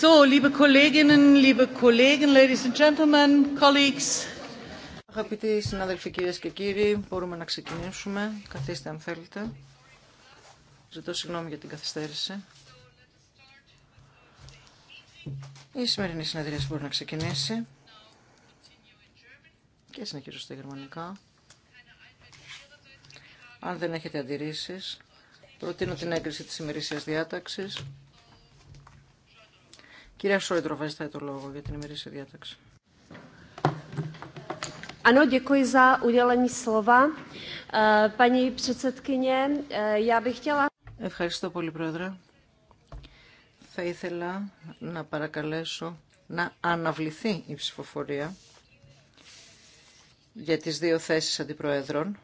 So, liebe Kolleginnen, liebe Kollegen, ladies and gentlemen, colleagues. Αγαπητοί συνάδελφοι, κυρίες και κύριοι, μπορούμε να ξεκινήσουμε. Καθίστε αν θέλετε. Ζητώ συγγνώμη για την καθυστέρηση. Η σημερινή συνεδρία μπορεί να ξεκινήσει. Και συνεχίζω στα γερμανικά. Αν δεν έχετε αντιρρήσεις, προτείνω την έγκριση της ημερήσιας διάταξης. Κυρία Σόιντροβα, ζητάει το λόγο για την ημερήσια διάταξη. Ευχαριστώ πολύ, Πρόεδρε. Θα ήθελα να παρακαλέσω να αναβληθεί η ψηφοφορία για τις δύο θέσεις αντιπροέδρων,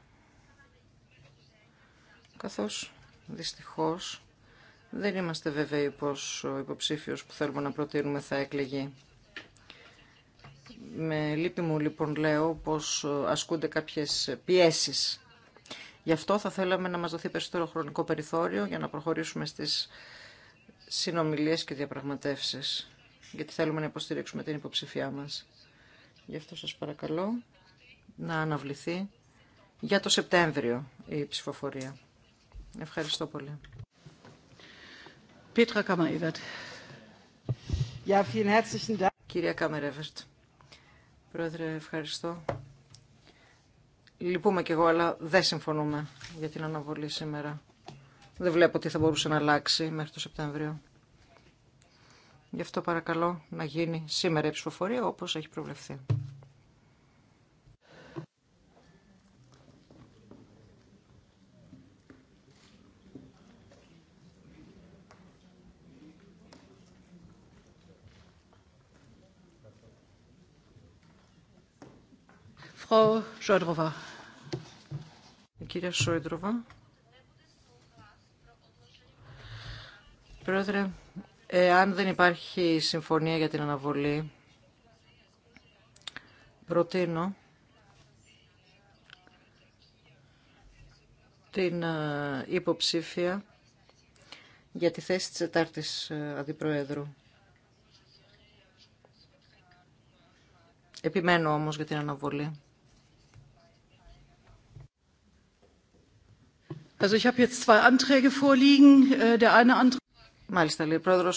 καθώς δυστυχώς δεν είμαστε βέβαιοι πως ο υποψήφιος που θέλουμε να προτείνουμε θα εκλεγεί. Με λύπη μου λοιπόν λέω πως ασκούνται κάποιες πιέσεις. Γι' αυτό θα θέλαμε να μας δοθεί περισσότερο χρονικό περιθώριο για να προχωρήσουμε στις συνομιλίες και διαπραγματεύσεις. Γιατί θέλουμε να υποστηρίξουμε την υποψηφιά μας. Γι' αυτό σας παρακαλώ να αναβληθεί για το Σεπτέμβριο η ψηφοφορία. Ευχαριστώ πολύ. Κυρία Καμερέβερτ, Πρόεδρε, ευχαριστώ. Λυπούμε κι εγώ, αλλά δεν συμφωνούμε για την αναβολή σήμερα. Δεν βλέπω τι θα μπορούσε να αλλάξει μέχρι το Σεπτέμβριο. Γι' αυτό παρακαλώ να γίνει σήμερα η ψηφοφορία όπως έχει προβλεφθεί. κυρία Σόιντροβα. Πρόεδρε, αν δεν υπάρχει συμφωνία για την αναβολή, προτείνω την ε, υποψήφια για τη θέση της Ετάρτης ε, Αντιπροέδρου. Επιμένω όμως για την αναβολή. Μάλιστα,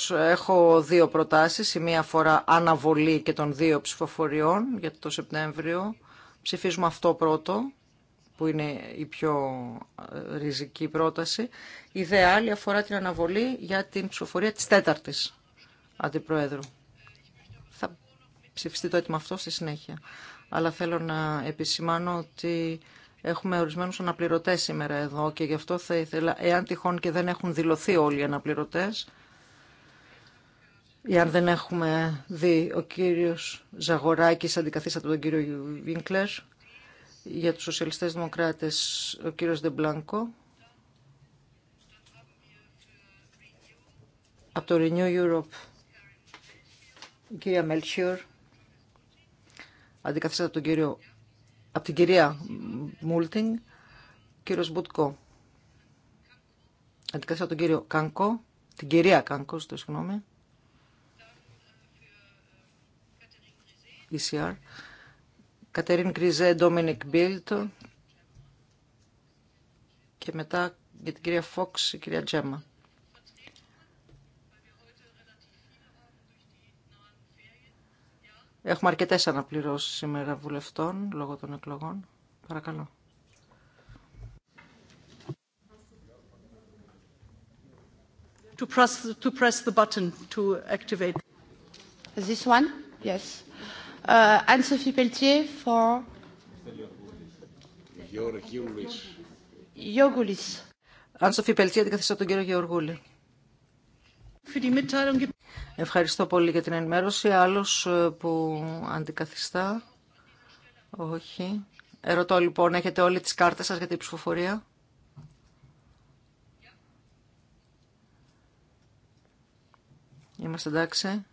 έχω δύο προτάσει. Η μία αφορά αναβολή και των δύο ψηφοφοριών για το Σεπτέμβριο. Ψηφίζουμε αυτό πρώτο, που είναι η πιο ε, ριζική πρόταση. Η δε άλλη αφορά την αναβολή για την ψηφοφορία τη τέταρτη, αντιπρόεδρου. Θα ψηφιστεί το έτοιμο αυτό στη συνέχεια. Αλλά θέλω να επισημάνω ότι Έχουμε ορισμένους αναπληρωτές σήμερα εδώ και γι' αυτό θα ήθελα, εάν τυχόν και δεν έχουν δηλωθεί όλοι οι αναπληρωτές, εάν δεν έχουμε δει ο κύριος Ζαγοράκης αντικαθίσταται τον κύριο Βίνκλερ, για τους σοσιαλιστές δημοκράτες ο κύριος Δεμπλάνκο, από το Renew Europe η κυρία Μέλτσιορ, αντικαθίσταται τον κύριο από την κυρία Μούλτινγκ, κύριος Μπουτκό. Αντικαθιστά τον κύριο Κάνκο, την κυρία Κάνκο, στο συγγνώμη. ECR. Κατερίν Κριζέ, Ντόμινικ Μπίλτ. Και μετά για την κυρία Φόξ, η κυρία Τζέμα. Έχουμε αρκετές αναπληρώσεις σήμερα βουλευτών λόγω των εκλογών. Παρακαλώ. To press, to press the button to activate. This one? Yes. Uh, Anne-Sophie Pelletier for... Γεωργιούλης. Γεωργιούλης. Anne-Sophie Pelletier, αντικαθιστά τον κύριο Γεωργούλη. Für die Mitteilung Ευχαριστώ πολύ για την ενημέρωση. Άλλος ε, που αντικαθιστά. Όχι. Ερωτώ λοιπόν, έχετε όλοι τις κάρτες σας για την ψηφοφορία. Είμαστε εντάξει.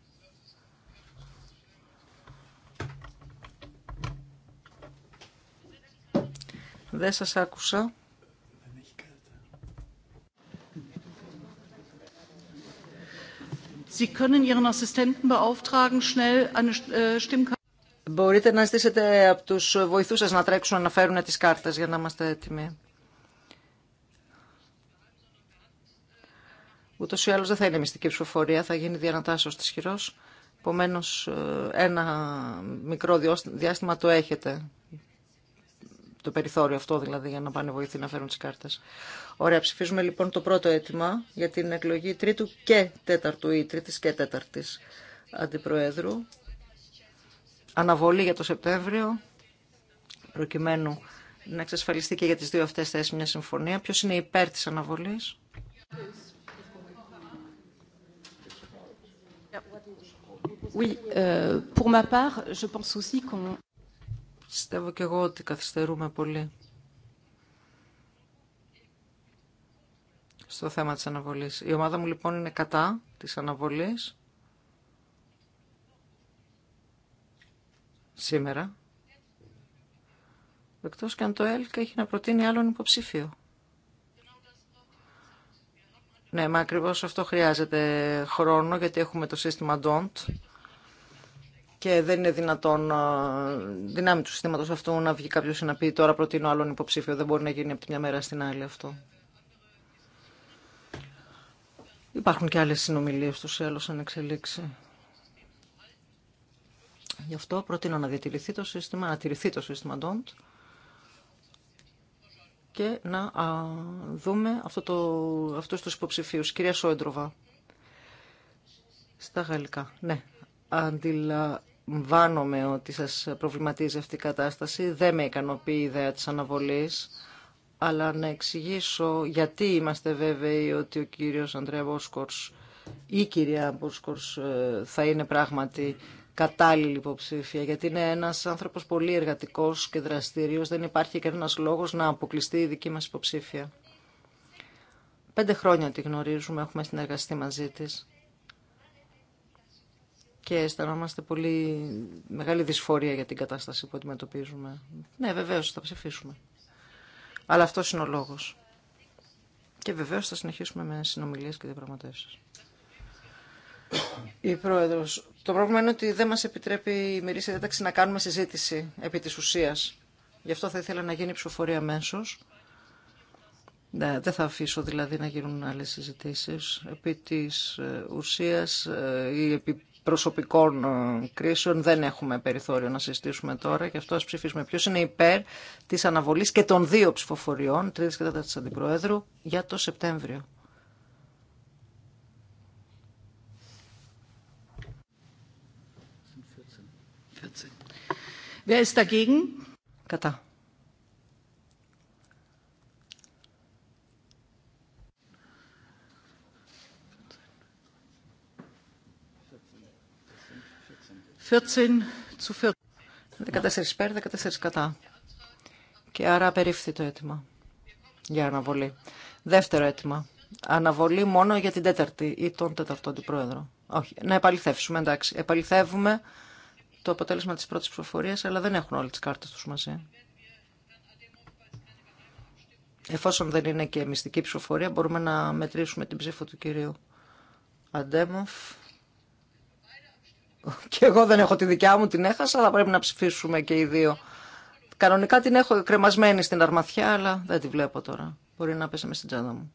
Δεν σας άκουσα. Äh, Μπορείτε να ζητήσετε από τους βοηθούς σας να τρέξουν να φέρουν τις κάρτες για να είμαστε έτοιμοι. Ούτως ή άλλως δεν θα είναι μυστική ψηφοφορία, θα γίνει διανατάσσεως της χειρός. Επομένω, ε, ένα μικρό διάστημα το έχετε το περιθώριο αυτό δηλαδή για να πάνε βοηθοί να φέρουν τις κάρτες. Ωραία, ψηφίζουμε λοιπόν το πρώτο αίτημα για την εκλογή τρίτου και τέταρτου ή τρίτης και τέταρτης αντιπροέδρου. Αναβολή για το Σεπτέμβριο, προκειμένου να εξασφαλιστεί και για τις δύο αυτές θέσεις μια συμφωνία. Ποιος είναι υπέρ της αναβολής? Oui, euh, pour ma part, je pense aussi Πιστεύω και εγώ ότι καθυστερούμε πολύ στο θέμα της αναβολής. Η ομάδα μου λοιπόν είναι κατά της αναβολής σήμερα. Εκτός και αν το ΕΛΚ έχει να προτείνει άλλον υποψήφιο. Ναι, μα ακριβώς αυτό χρειάζεται χρόνο γιατί έχουμε το σύστημα DONT και δεν είναι δυνατόν δυνάμει του συστήματο αυτού να βγει κάποιο να πει τώρα προτείνω άλλον υποψήφιο. Δεν μπορεί να γίνει από τη μια μέρα στην άλλη αυτό. Υπάρχουν και άλλε συνομιλίε του ή άλλο αν εξελίξει. Γι' αυτό προτείνω να διατηρηθεί το σύστημα, να τηρηθεί το σύστημα DONT και να δούμε αυτό το, αυτούς τους υποψηφίους. Κυρία Σόεντροβα, στα γαλλικά, ναι. Αντιλα βάνομαι ότι σας προβληματίζει αυτή η κατάσταση. Δεν με ικανοποιεί η ιδέα της αναβολής, αλλά να εξηγήσω γιατί είμαστε βέβαιοι ότι ο κύριος Ανδρέα Μπόσκορς ή η κυρία Μπόσκορς ε, θα είναι πράγματι κατάλληλη υποψήφια, γιατί είναι ένας άνθρωπος πολύ εργατικός και δραστηρίος. Δεν υπάρχει κανένας λόγος να αποκλειστεί η δική μας υποψήφια. Πέντε χρόνια τη γνωρίζουμε, έχουμε συνεργαστεί μαζί της και αισθανόμαστε πολύ μεγάλη δυσφορία για την κατάσταση που αντιμετωπίζουμε. Ναι, βεβαίως θα ψηφίσουμε. Αλλά αυτό είναι ο λόγος. Και βεβαίως θα συνεχίσουμε με συνομιλίες και διαπραγματεύσεις. Η Πρόεδρος, το πρόβλημα είναι ότι δεν μας επιτρέπει η μυρίσια διάταξη να κάνουμε συζήτηση επί της ουσίας. Γι' αυτό θα ήθελα να γίνει ψηφοφορία αμέσω. Ναι, δεν θα αφήσω δηλαδή να γίνουν άλλες συζητήσεις. Επί της ε, ουσίας ή ε, επί προσωπικών ε, κρίσεων δεν έχουμε περιθώριο να συζητήσουμε τώρα και αυτό ας ψηφίσουμε. Ποιος είναι υπέρ της αναβολής και των δύο ψηφοφοριών, τρίτης και τέταρτης αντιπροέδρου, για το Σεπτέμβριο. Κατά. 14 υπέρ, 14 κατά. Και άρα απερίφθη το αίτημα για αναβολή. Δεύτερο αίτημα. Αναβολή μόνο για την τέταρτη ή τον τέταρτο αντιπρόεδρο. Όχι, να επαληθεύσουμε, εντάξει. Επαληθεύουμε το αποτέλεσμα της πρώτης ψηφοφορίας, αλλά δεν έχουν όλες τις κάρτες τους μαζί. Εφόσον δεν είναι και μυστική ψηφοφορία, μπορούμε να μετρήσουμε την ψήφο του κυρίου Αντέμοφ. και εγώ δεν έχω τη δικιά μου, την έχασα, αλλά πρέπει να ψηφίσουμε και οι δύο. Κανονικά την έχω κρεμασμένη στην αρμαθιά, αλλά δεν τη βλέπω τώρα. Μπορεί να πέσαμε στην τσάντα μου.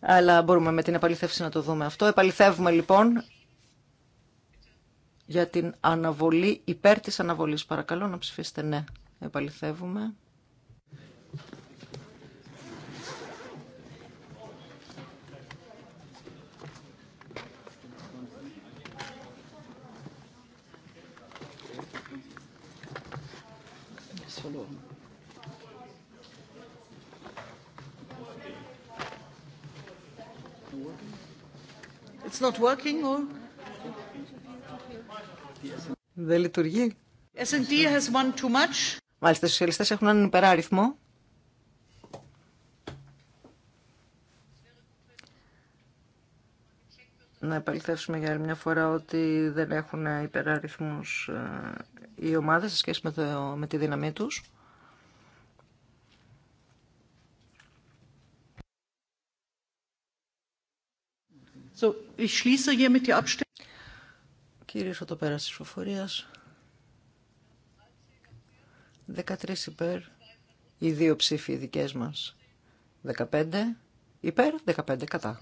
Αλλά μπορούμε με την επαληθεύση να το δούμε αυτό. Επαληθεύουμε λοιπόν για την αναβολή, υπέρ της αναβολής παρακαλώ να ψηφίσετε ναι. Επαληθεύουμε. It's not working or? Δεν λειτουργεί. has won too much. Μάλιστα, οι σοσιαλιστές έχουν έναν υπεράριθμο. Να επαληθεύσουμε για άλλη μια φορά ότι δεν έχουν υπεράριθμους ε, οι ομάδε σε σχέση με, το, με τη δύναμή του. So, ich schließe hier mit die το της 13 υπέρ, οι δύο ψήφοι δικέ μας. 15 υπέρ, 15 κατά.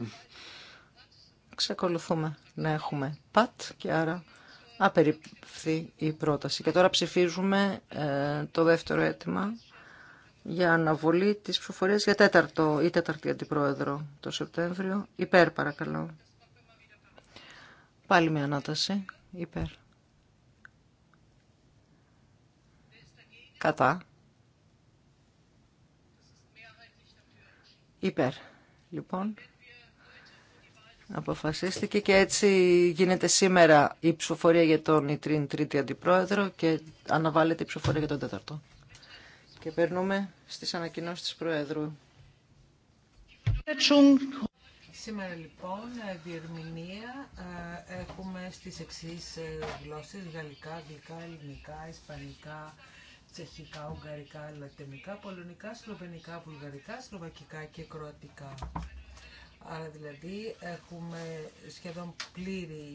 Ξεκολουθούμε να έχουμε πατ και άρα απεριφθεί η πρόταση. Και τώρα ψηφίζουμε ε, το δεύτερο αίτημα για αναβολή της ψηφοφορίας για τέταρτο ή τέταρτη αντιπρόεδρο το Σεπτέμβριο. Υπέρ παρακαλώ. Πάλι με ανάταση. Υπέρ. Κατά. Υπέρ. Λοιπόν αποφασίστηκε και έτσι γίνεται σήμερα η ψηφοφορία για τον Ιτρίν τρίτη αντιπρόεδρο και αναβάλλεται η ψηφοφορία για τον τέταρτο. Και περνούμε στις ανακοινώσεις της Προέδρου. Σήμερα λοιπόν διερμηνία ε, έχουμε στις εξής ε, γλώσσες γαλλικά, αγγλικά, ελληνικά, ισπανικά, τσεχικά, ουγγαρικά, λατινικά, πολωνικά, σλοβενικά, βουλγαρικά, σλοβακικά και κροατικά. Άρα δηλαδή έχουμε σχεδόν πλήρη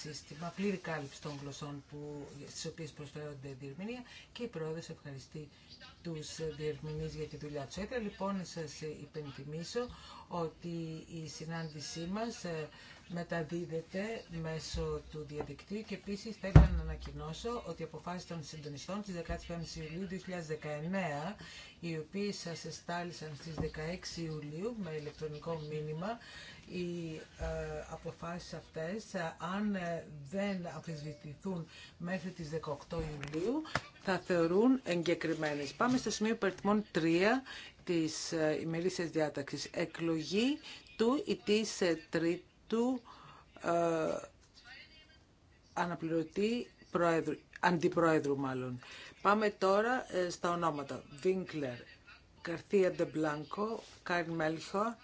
σύστημα, πλήρη κάλυψη των γλωσσών που, στις οποίες προσφέρονται διερμηνία και η Πρόεδρος ευχαριστεί τους διερμηνείς για τη δουλειά του. Ήθελα λοιπόν να σας υπενθυμίσω ότι η συνάντησή μας ε, μεταδίδεται μέσω του διαδικτύου και επίσης θα ήθελα να ανακοινώσω ότι οι των συντονιστών της 15 Ιουλίου 2019 οι οποίες σας εστάλησαν στις 16 Ιουλίου με ηλεκτρονικό μήνυμα οι ε, αποφάσεις αυτές ε, αν δεν αμφισβητηθούν μέχρι τις 18 Ιουλίου θα θεωρούν εγκεκριμένες. Πάμε στο σημείο υπερτιμών 3 της ε, ημερήσιας διάταξης. Εκλογή του ή της ε, τρίτου ε, αναπληρωτή προέδρου, αντιπροέδρου μάλλον. Πάμε τώρα ε, στα ονόματα. Βίνκλερ, Καρθία Ντεμπλάνκο, Κάριν Μέλχο,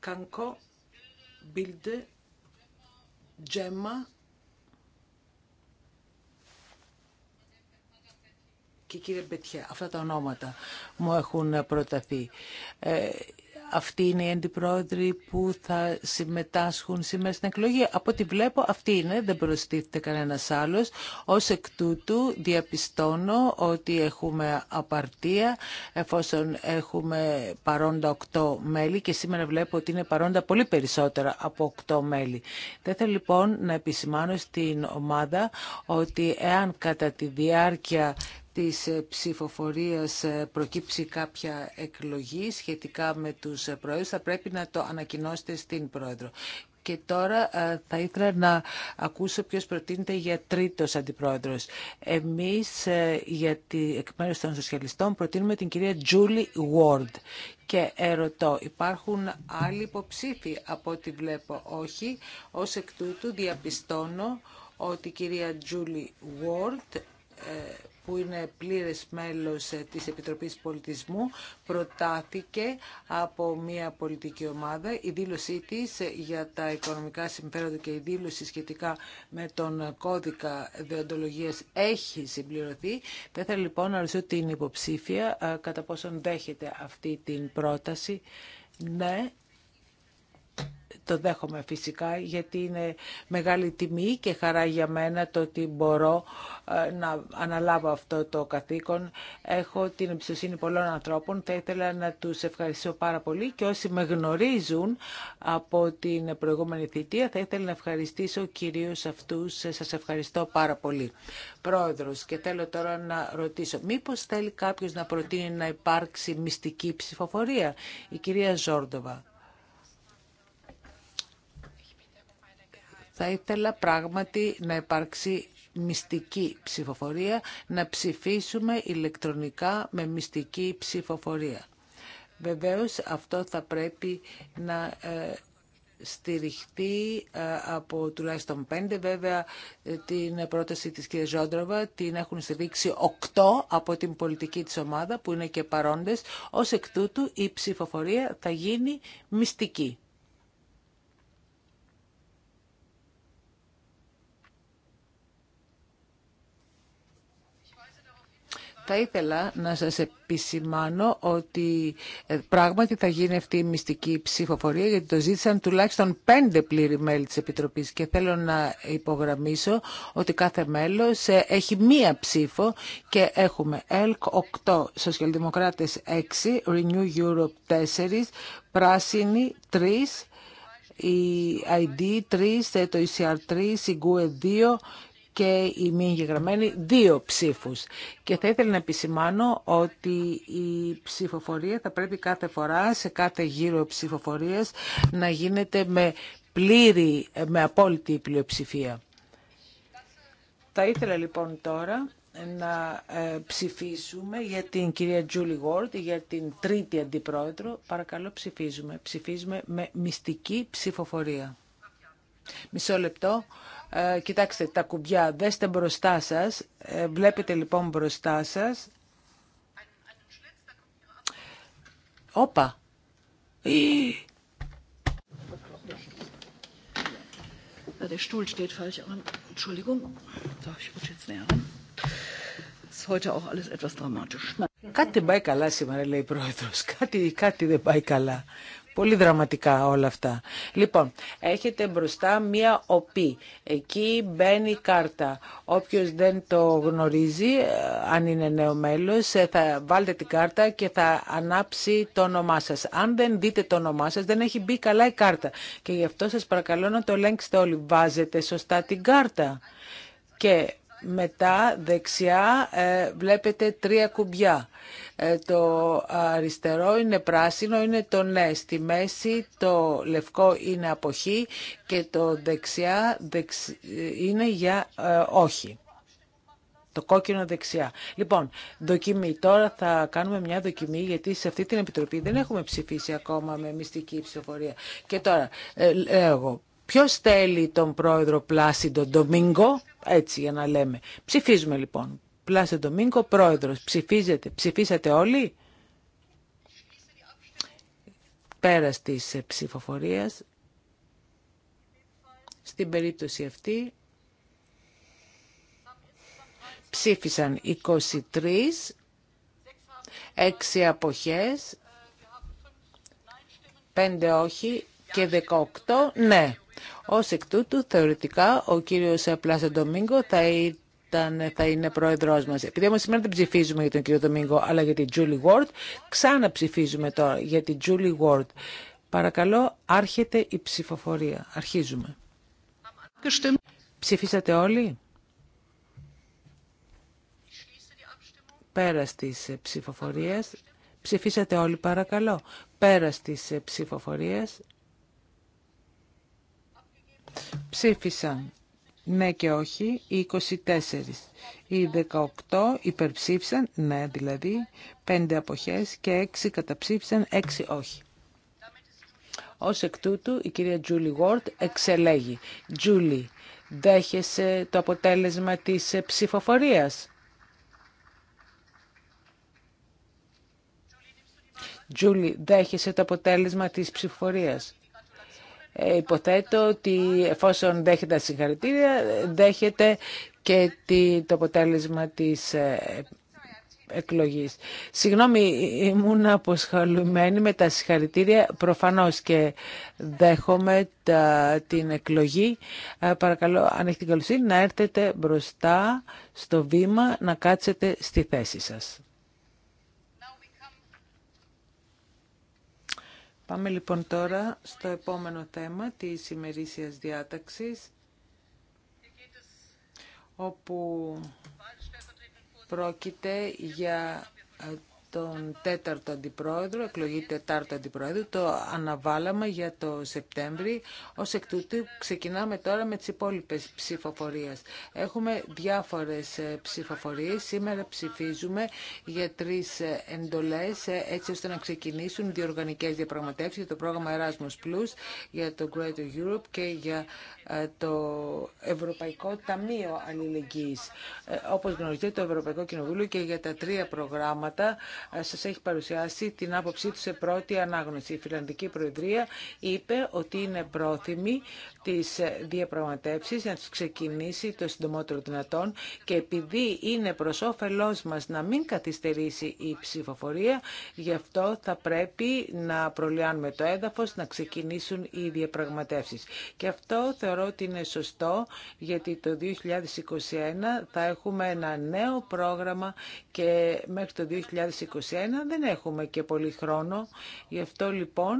Κάνκο, Μπίλντε, Τζέμα, και κύριε Μπετιέ. Αυτά τα ονόματα μου έχουν προταθεί. Ε, αυτοί είναι οι αντιπρόεδροι που θα συμμετάσχουν σήμερα στην εκλογή. Από ό,τι βλέπω αυτοί είναι, δεν προστίθεται κανένα άλλο. Ω εκ τούτου διαπιστώνω ότι έχουμε απαρτία εφόσον έχουμε παρόντα οκτώ μέλη και σήμερα βλέπω ότι είναι παρόντα πολύ περισσότερα από οκτώ μέλη. Θα ήθελα λοιπόν να επισημάνω στην ομάδα ότι εάν κατά τη διάρκεια της ψηφοφορίας προκύψει κάποια εκλογή σχετικά με τους πρόεδρους, θα πρέπει να το ανακοινώσετε στην πρόεδρο. Και τώρα ε, θα ήθελα να ακούσω ποιος προτείνεται για τρίτος αντιπρόεδρος. Εμείς ε, για τη, εκ μέρους των σοσιαλιστών προτείνουμε την κυρία Τζούλι Ward. Και ερωτώ, υπάρχουν άλλοι υποψήφοι από ό,τι βλέπω. Όχι, ως εκ τούτου διαπιστώνω ότι η κυρία Τζούλι Ward που είναι πλήρες μέλος ε, της Επιτροπής Πολιτισμού, προτάθηκε από μια πολιτική ομάδα. Η δήλωσή της ε, για τα οικονομικά συμφέροντα και η δήλωση σχετικά με τον κώδικα δεοντολογίας έχει συμπληρωθεί. Θα ήθελα λοιπόν να ρωτήσω την υποψήφια ε, κατά πόσον δέχεται αυτή την πρόταση. Ναι, το δέχομαι φυσικά γιατί είναι μεγάλη τιμή και χαρά για μένα το ότι μπορώ ε, να αναλάβω αυτό το καθήκον. Έχω την εμπιστοσύνη πολλών ανθρώπων. Θα ήθελα να τους ευχαριστήσω πάρα πολύ και όσοι με γνωρίζουν από την προηγούμενη θητεία θα ήθελα να ευχαριστήσω κυρίως αυτούς. Σας ευχαριστώ πάρα πολύ. Πρόεδρος και θέλω τώρα να ρωτήσω μήπως θέλει κάποιος να προτείνει να υπάρξει μυστική ψηφοφορία. Η κυρία Ζόρντοβα. Θα ήθελα πράγματι να υπάρξει μυστική ψηφοφορία, να ψηφίσουμε ηλεκτρονικά με μυστική ψηφοφορία. Βεβαίως αυτό θα πρέπει να ε, στηριχτεί ε, από τουλάχιστον πέντε. Βέβαια ε, την πρόταση της κ. Ζόντροβα την έχουν στηρίξει οκτώ από την πολιτική της ομάδα που είναι και παρόντες. Ως εκ τούτου η ψηφοφορία θα γίνει μυστική. Θα ήθελα να σας επισημάνω ότι ε, πράγματι θα γίνει αυτή η μυστική ψηφοφορία γιατί το ζήτησαν τουλάχιστον πέντε πλήρη μέλη της Επιτροπής και θέλω να υπογραμμίσω ότι κάθε μέλος ε, έχει μία ψήφο και έχουμε ΕΛΚ 8, Σοσιαλδημοκράτες 6, Renew Europe 4, Πράσινη 3, η ID 3, ε, το ECR 3, η GUE 2 και οι μη εγγεγραμμένοι δύο ψήφους. Και θα ήθελα να επισημάνω ότι η ψηφοφορία θα πρέπει κάθε φορά, σε κάθε γύρο ψηφοφορίας, να γίνεται με πλήρη, με απόλυτη πλειοψηφία. Θα ήθελα λοιπόν τώρα να ε, ψηφίσουμε για την κυρία Τζούλι Γουόρτ, για την τρίτη αντιπρόεδρο. Παρακαλώ ψηφίζουμε. Ψηφίζουμε με μυστική ψηφοφορία. Μισό λεπτό. Ε, κοιτάξτε, τα κουμπιά, δέστε μπροστά σας. Ε, βλέπετε λοιπόν μπροστά σας. Όπα. Κάτι δεν πάει καλά σήμερα, λέει η πρόεδρος. Κάτι, κάτι δεν πάει καλά. Πολύ δραματικά όλα αυτά. Λοιπόν, έχετε μπροστά μία οπή. Εκεί μπαίνει η κάρτα. Όποιος δεν το γνωρίζει, ε, αν είναι νέο μέλος, ε, θα βάλτε την κάρτα και θα ανάψει το όνομά σας. Αν δεν δείτε το όνομά σας, δεν έχει μπει καλά η κάρτα. Και γι' αυτό σας παρακαλώ να το ελέγξετε όλοι. Βάζετε σωστά την κάρτα. Και μετά δεξιά ε, βλέπετε τρία κουμπιά. Ε, το αριστερό είναι πράσινο, είναι το ναι. Στη μέση το λευκό είναι αποχή και το δεξιά ε, είναι για όχι. Το κόκκινο δεξιά. Λοιπόν, δοκιμή. Τώρα θα κάνουμε μια δοκιμή γιατί σε αυτή την επιτροπή δεν έχουμε ψηφίσει ακόμα με μυστική ψηφοφορία. Και τώρα, ε, εγώ, Ποιος θέλει τον πρόεδρο Πλάσιντο Ντομίνγκο, έτσι για να λέμε. Ψηφίζουμε λοιπόν. Πλάσιντο Ντομίνγκο, πρόεδρος. Ψηφίζετε. Ψηφίσατε όλοι. Πέρας της ε, ψηφοφορίας. Στην περίπτωση αυτή ψήφισαν 23, 6 αποχές, 5 όχι και 18 ναι. Ως εκ τούτου, θεωρητικά, ο κύριος Πλάσο Ντομίνγκο θα ήταν, θα είναι πρόεδρό μα. Επειδή όμω σήμερα δεν ψηφίζουμε για τον κύριο Ντομίνγκο, αλλά για την Julie ξανά ξαναψηφίζουμε τώρα για την Τζούλι Ward. Παρακαλώ, άρχεται η ψηφοφορία. Αρχίζουμε. Ψηφίσατε όλοι. Πέρα τη ψηφοφορία. Ψηφίσατε όλοι, παρακαλώ. Πέρα τη ψηφοφορία ψήφισαν ναι και όχι οι 24. Οι 18 υπερψήφισαν ναι δηλαδή, 5 αποχές και 6 καταψήφισαν, 6 όχι. Ως εκ τούτου η κυρία Τζούλι Γουόρτ εξελέγει. Τζούλι, δέχεσαι το αποτέλεσμα της ε, ψηφοφορίας. Τζούλι, δέχεσαι το αποτέλεσμα της ψηφοφορίας. Ε, υποθέτω ότι εφόσον δέχεται τα συγχαρητήρια, δέχεται και το αποτέλεσμα της ε, εκλογής. Συγγνώμη, ήμουν αποσχολημένη με τα συγχαρητήρια. Προφανώς και δέχομαι την εκλογή. Ε, παρακαλώ, αν έχετε να έρθετε μπροστά στο βήμα, να κάτσετε στη θέση σας. Πάμε λοιπόν τώρα στο επόμενο θέμα της ημερήσιας διάταξης, όπου πρόκειται για τον τέταρτο αντιπρόεδρο, εκλογή τετάρτου αντιπρόεδρου, το αναβάλαμε για το Σεπτέμβρη. Ω εκ τούτου ξεκινάμε τώρα με τις υπόλοιπε ψηφοφορίες. Έχουμε διάφορες ε, ψηφοφορίες. Σήμερα ψηφίζουμε για τρεις ε, εντολές ε, έτσι ώστε να ξεκινήσουν διοργανικές διαπραγματεύσεις για το πρόγραμμα Erasmus Plus, για το Greater Europe και για το Ευρωπαϊκό Ταμείο Αλληλεγγύης. Όπως γνωρίζετε, το Ευρωπαϊκό Κοινοβούλιο και για τα τρία προγράμματα σας έχει παρουσιάσει την άποψή του σε πρώτη ανάγνωση. Η Φιλανδική Προεδρία είπε ότι είναι πρόθυμη τις διαπραγματεύσεις να τις ξεκινήσει το συντομότερο δυνατόν και επειδή είναι προς όφελός μας να μην καθυστερήσει η ψηφοφορία, γι' αυτό θα πρέπει να προλιάνουμε το έδαφος, να ξεκινήσουν οι διαπραγματεύσεις. Και αυτό θεωρώ ότι είναι σωστό, γιατί το 2021 θα έχουμε ένα νέο πρόγραμμα και μέχρι το 2020 δεν έχουμε και πολύ χρόνο. Γι' αυτό λοιπόν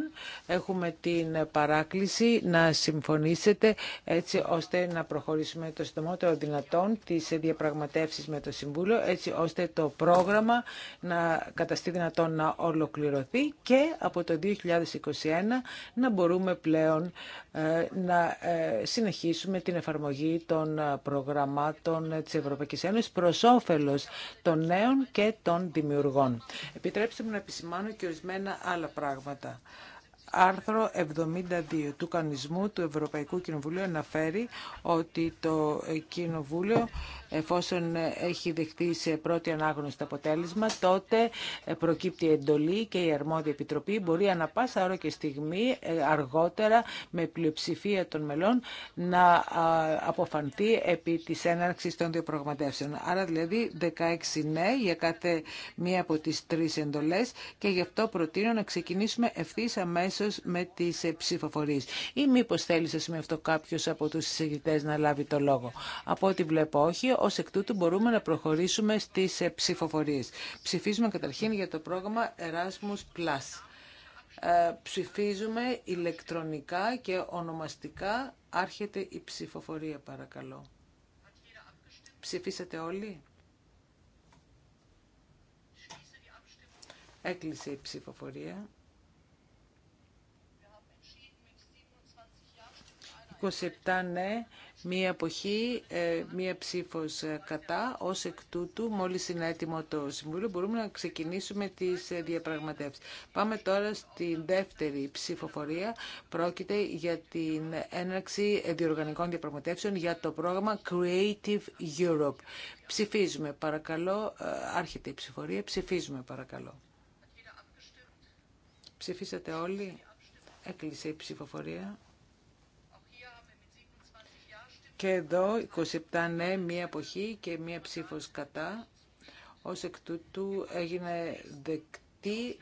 έχουμε την παράκληση να συμφωνήσετε έτσι ώστε να προχωρήσουμε το συντομότερο δυνατόν τις διαπραγματεύσεις με το Συμβούλιο έτσι ώστε το πρόγραμμα να καταστεί δυνατόν να ολοκληρωθεί και από το 2021 να μπορούμε πλέον ε, να ε, συνεχίσουμε την εφαρμογή των προγραμμάτων της Ευρωπαϊκής Ένωσης προς όφελος των νέων και των δημιουργών. Επιτρέψτε μου να επισημάνω και ορισμένα άλλα πράγματα. Άρθρο 72 του Κανονισμού του Ευρωπαϊκού Κοινοβουλίου αναφέρει ότι το Κοινοβούλιο εφόσον έχει δεχτεί σε πρώτη ανάγνωση το αποτέλεσμα, τότε προκύπτει εντολή και η αρμόδια επιτροπή μπορεί ανα πάσα ώρα και στιγμή ε, αργότερα με πλειοψηφία των μελών να αποφανθεί επί της έναρξης των δύο Άρα δηλαδή 16 ναι για κάθε μία από τις τρεις εντολές και γι' αυτό προτείνω να ξεκινήσουμε ευθύ αμέσω με τις ε, ψηφοφορίες. Ή μήπω θέλει σε σημείο αυτό κάποιο από τους συζητητές να λάβει το λόγο. Από ό,τι βλέπω όχι, Ω εκ τούτου μπορούμε να προχωρήσουμε στις ε, ψηφοφορίες. Ψηφίζουμε καταρχήν για το πρόγραμμα Erasmus+. Ε, ψηφίζουμε ηλεκτρονικά και ονομαστικά. Άρχεται η ψηφοφορία παρακαλώ. Ψηφίσατε όλοι. Έκλεισε η ψηφοφορία. 27 ναι, μία εποχή, ε, μία ψήφος ε, κατά. Ως εκ τούτου, μόλις είναι έτοιμο το Συμβούλιο, μπορούμε να ξεκινήσουμε τις ε, διαπραγματεύσεις. Πάμε τώρα στη δεύτερη ψηφοφορία. Πρόκειται για την έναρξη διοργανικών διαπραγματεύσεων για το πρόγραμμα Creative Europe. Ψηφίζουμε, παρακαλώ. Άρχεται η ψηφορία. Ψηφίζουμε, παρακαλώ. Ψηφίσατε όλοι. Έκλεισε η ψηφοφορία. Και εδώ 27 ναι, μία αποχή και μία ψήφος κατά. Ως εκ τούτου έγινε δεκτή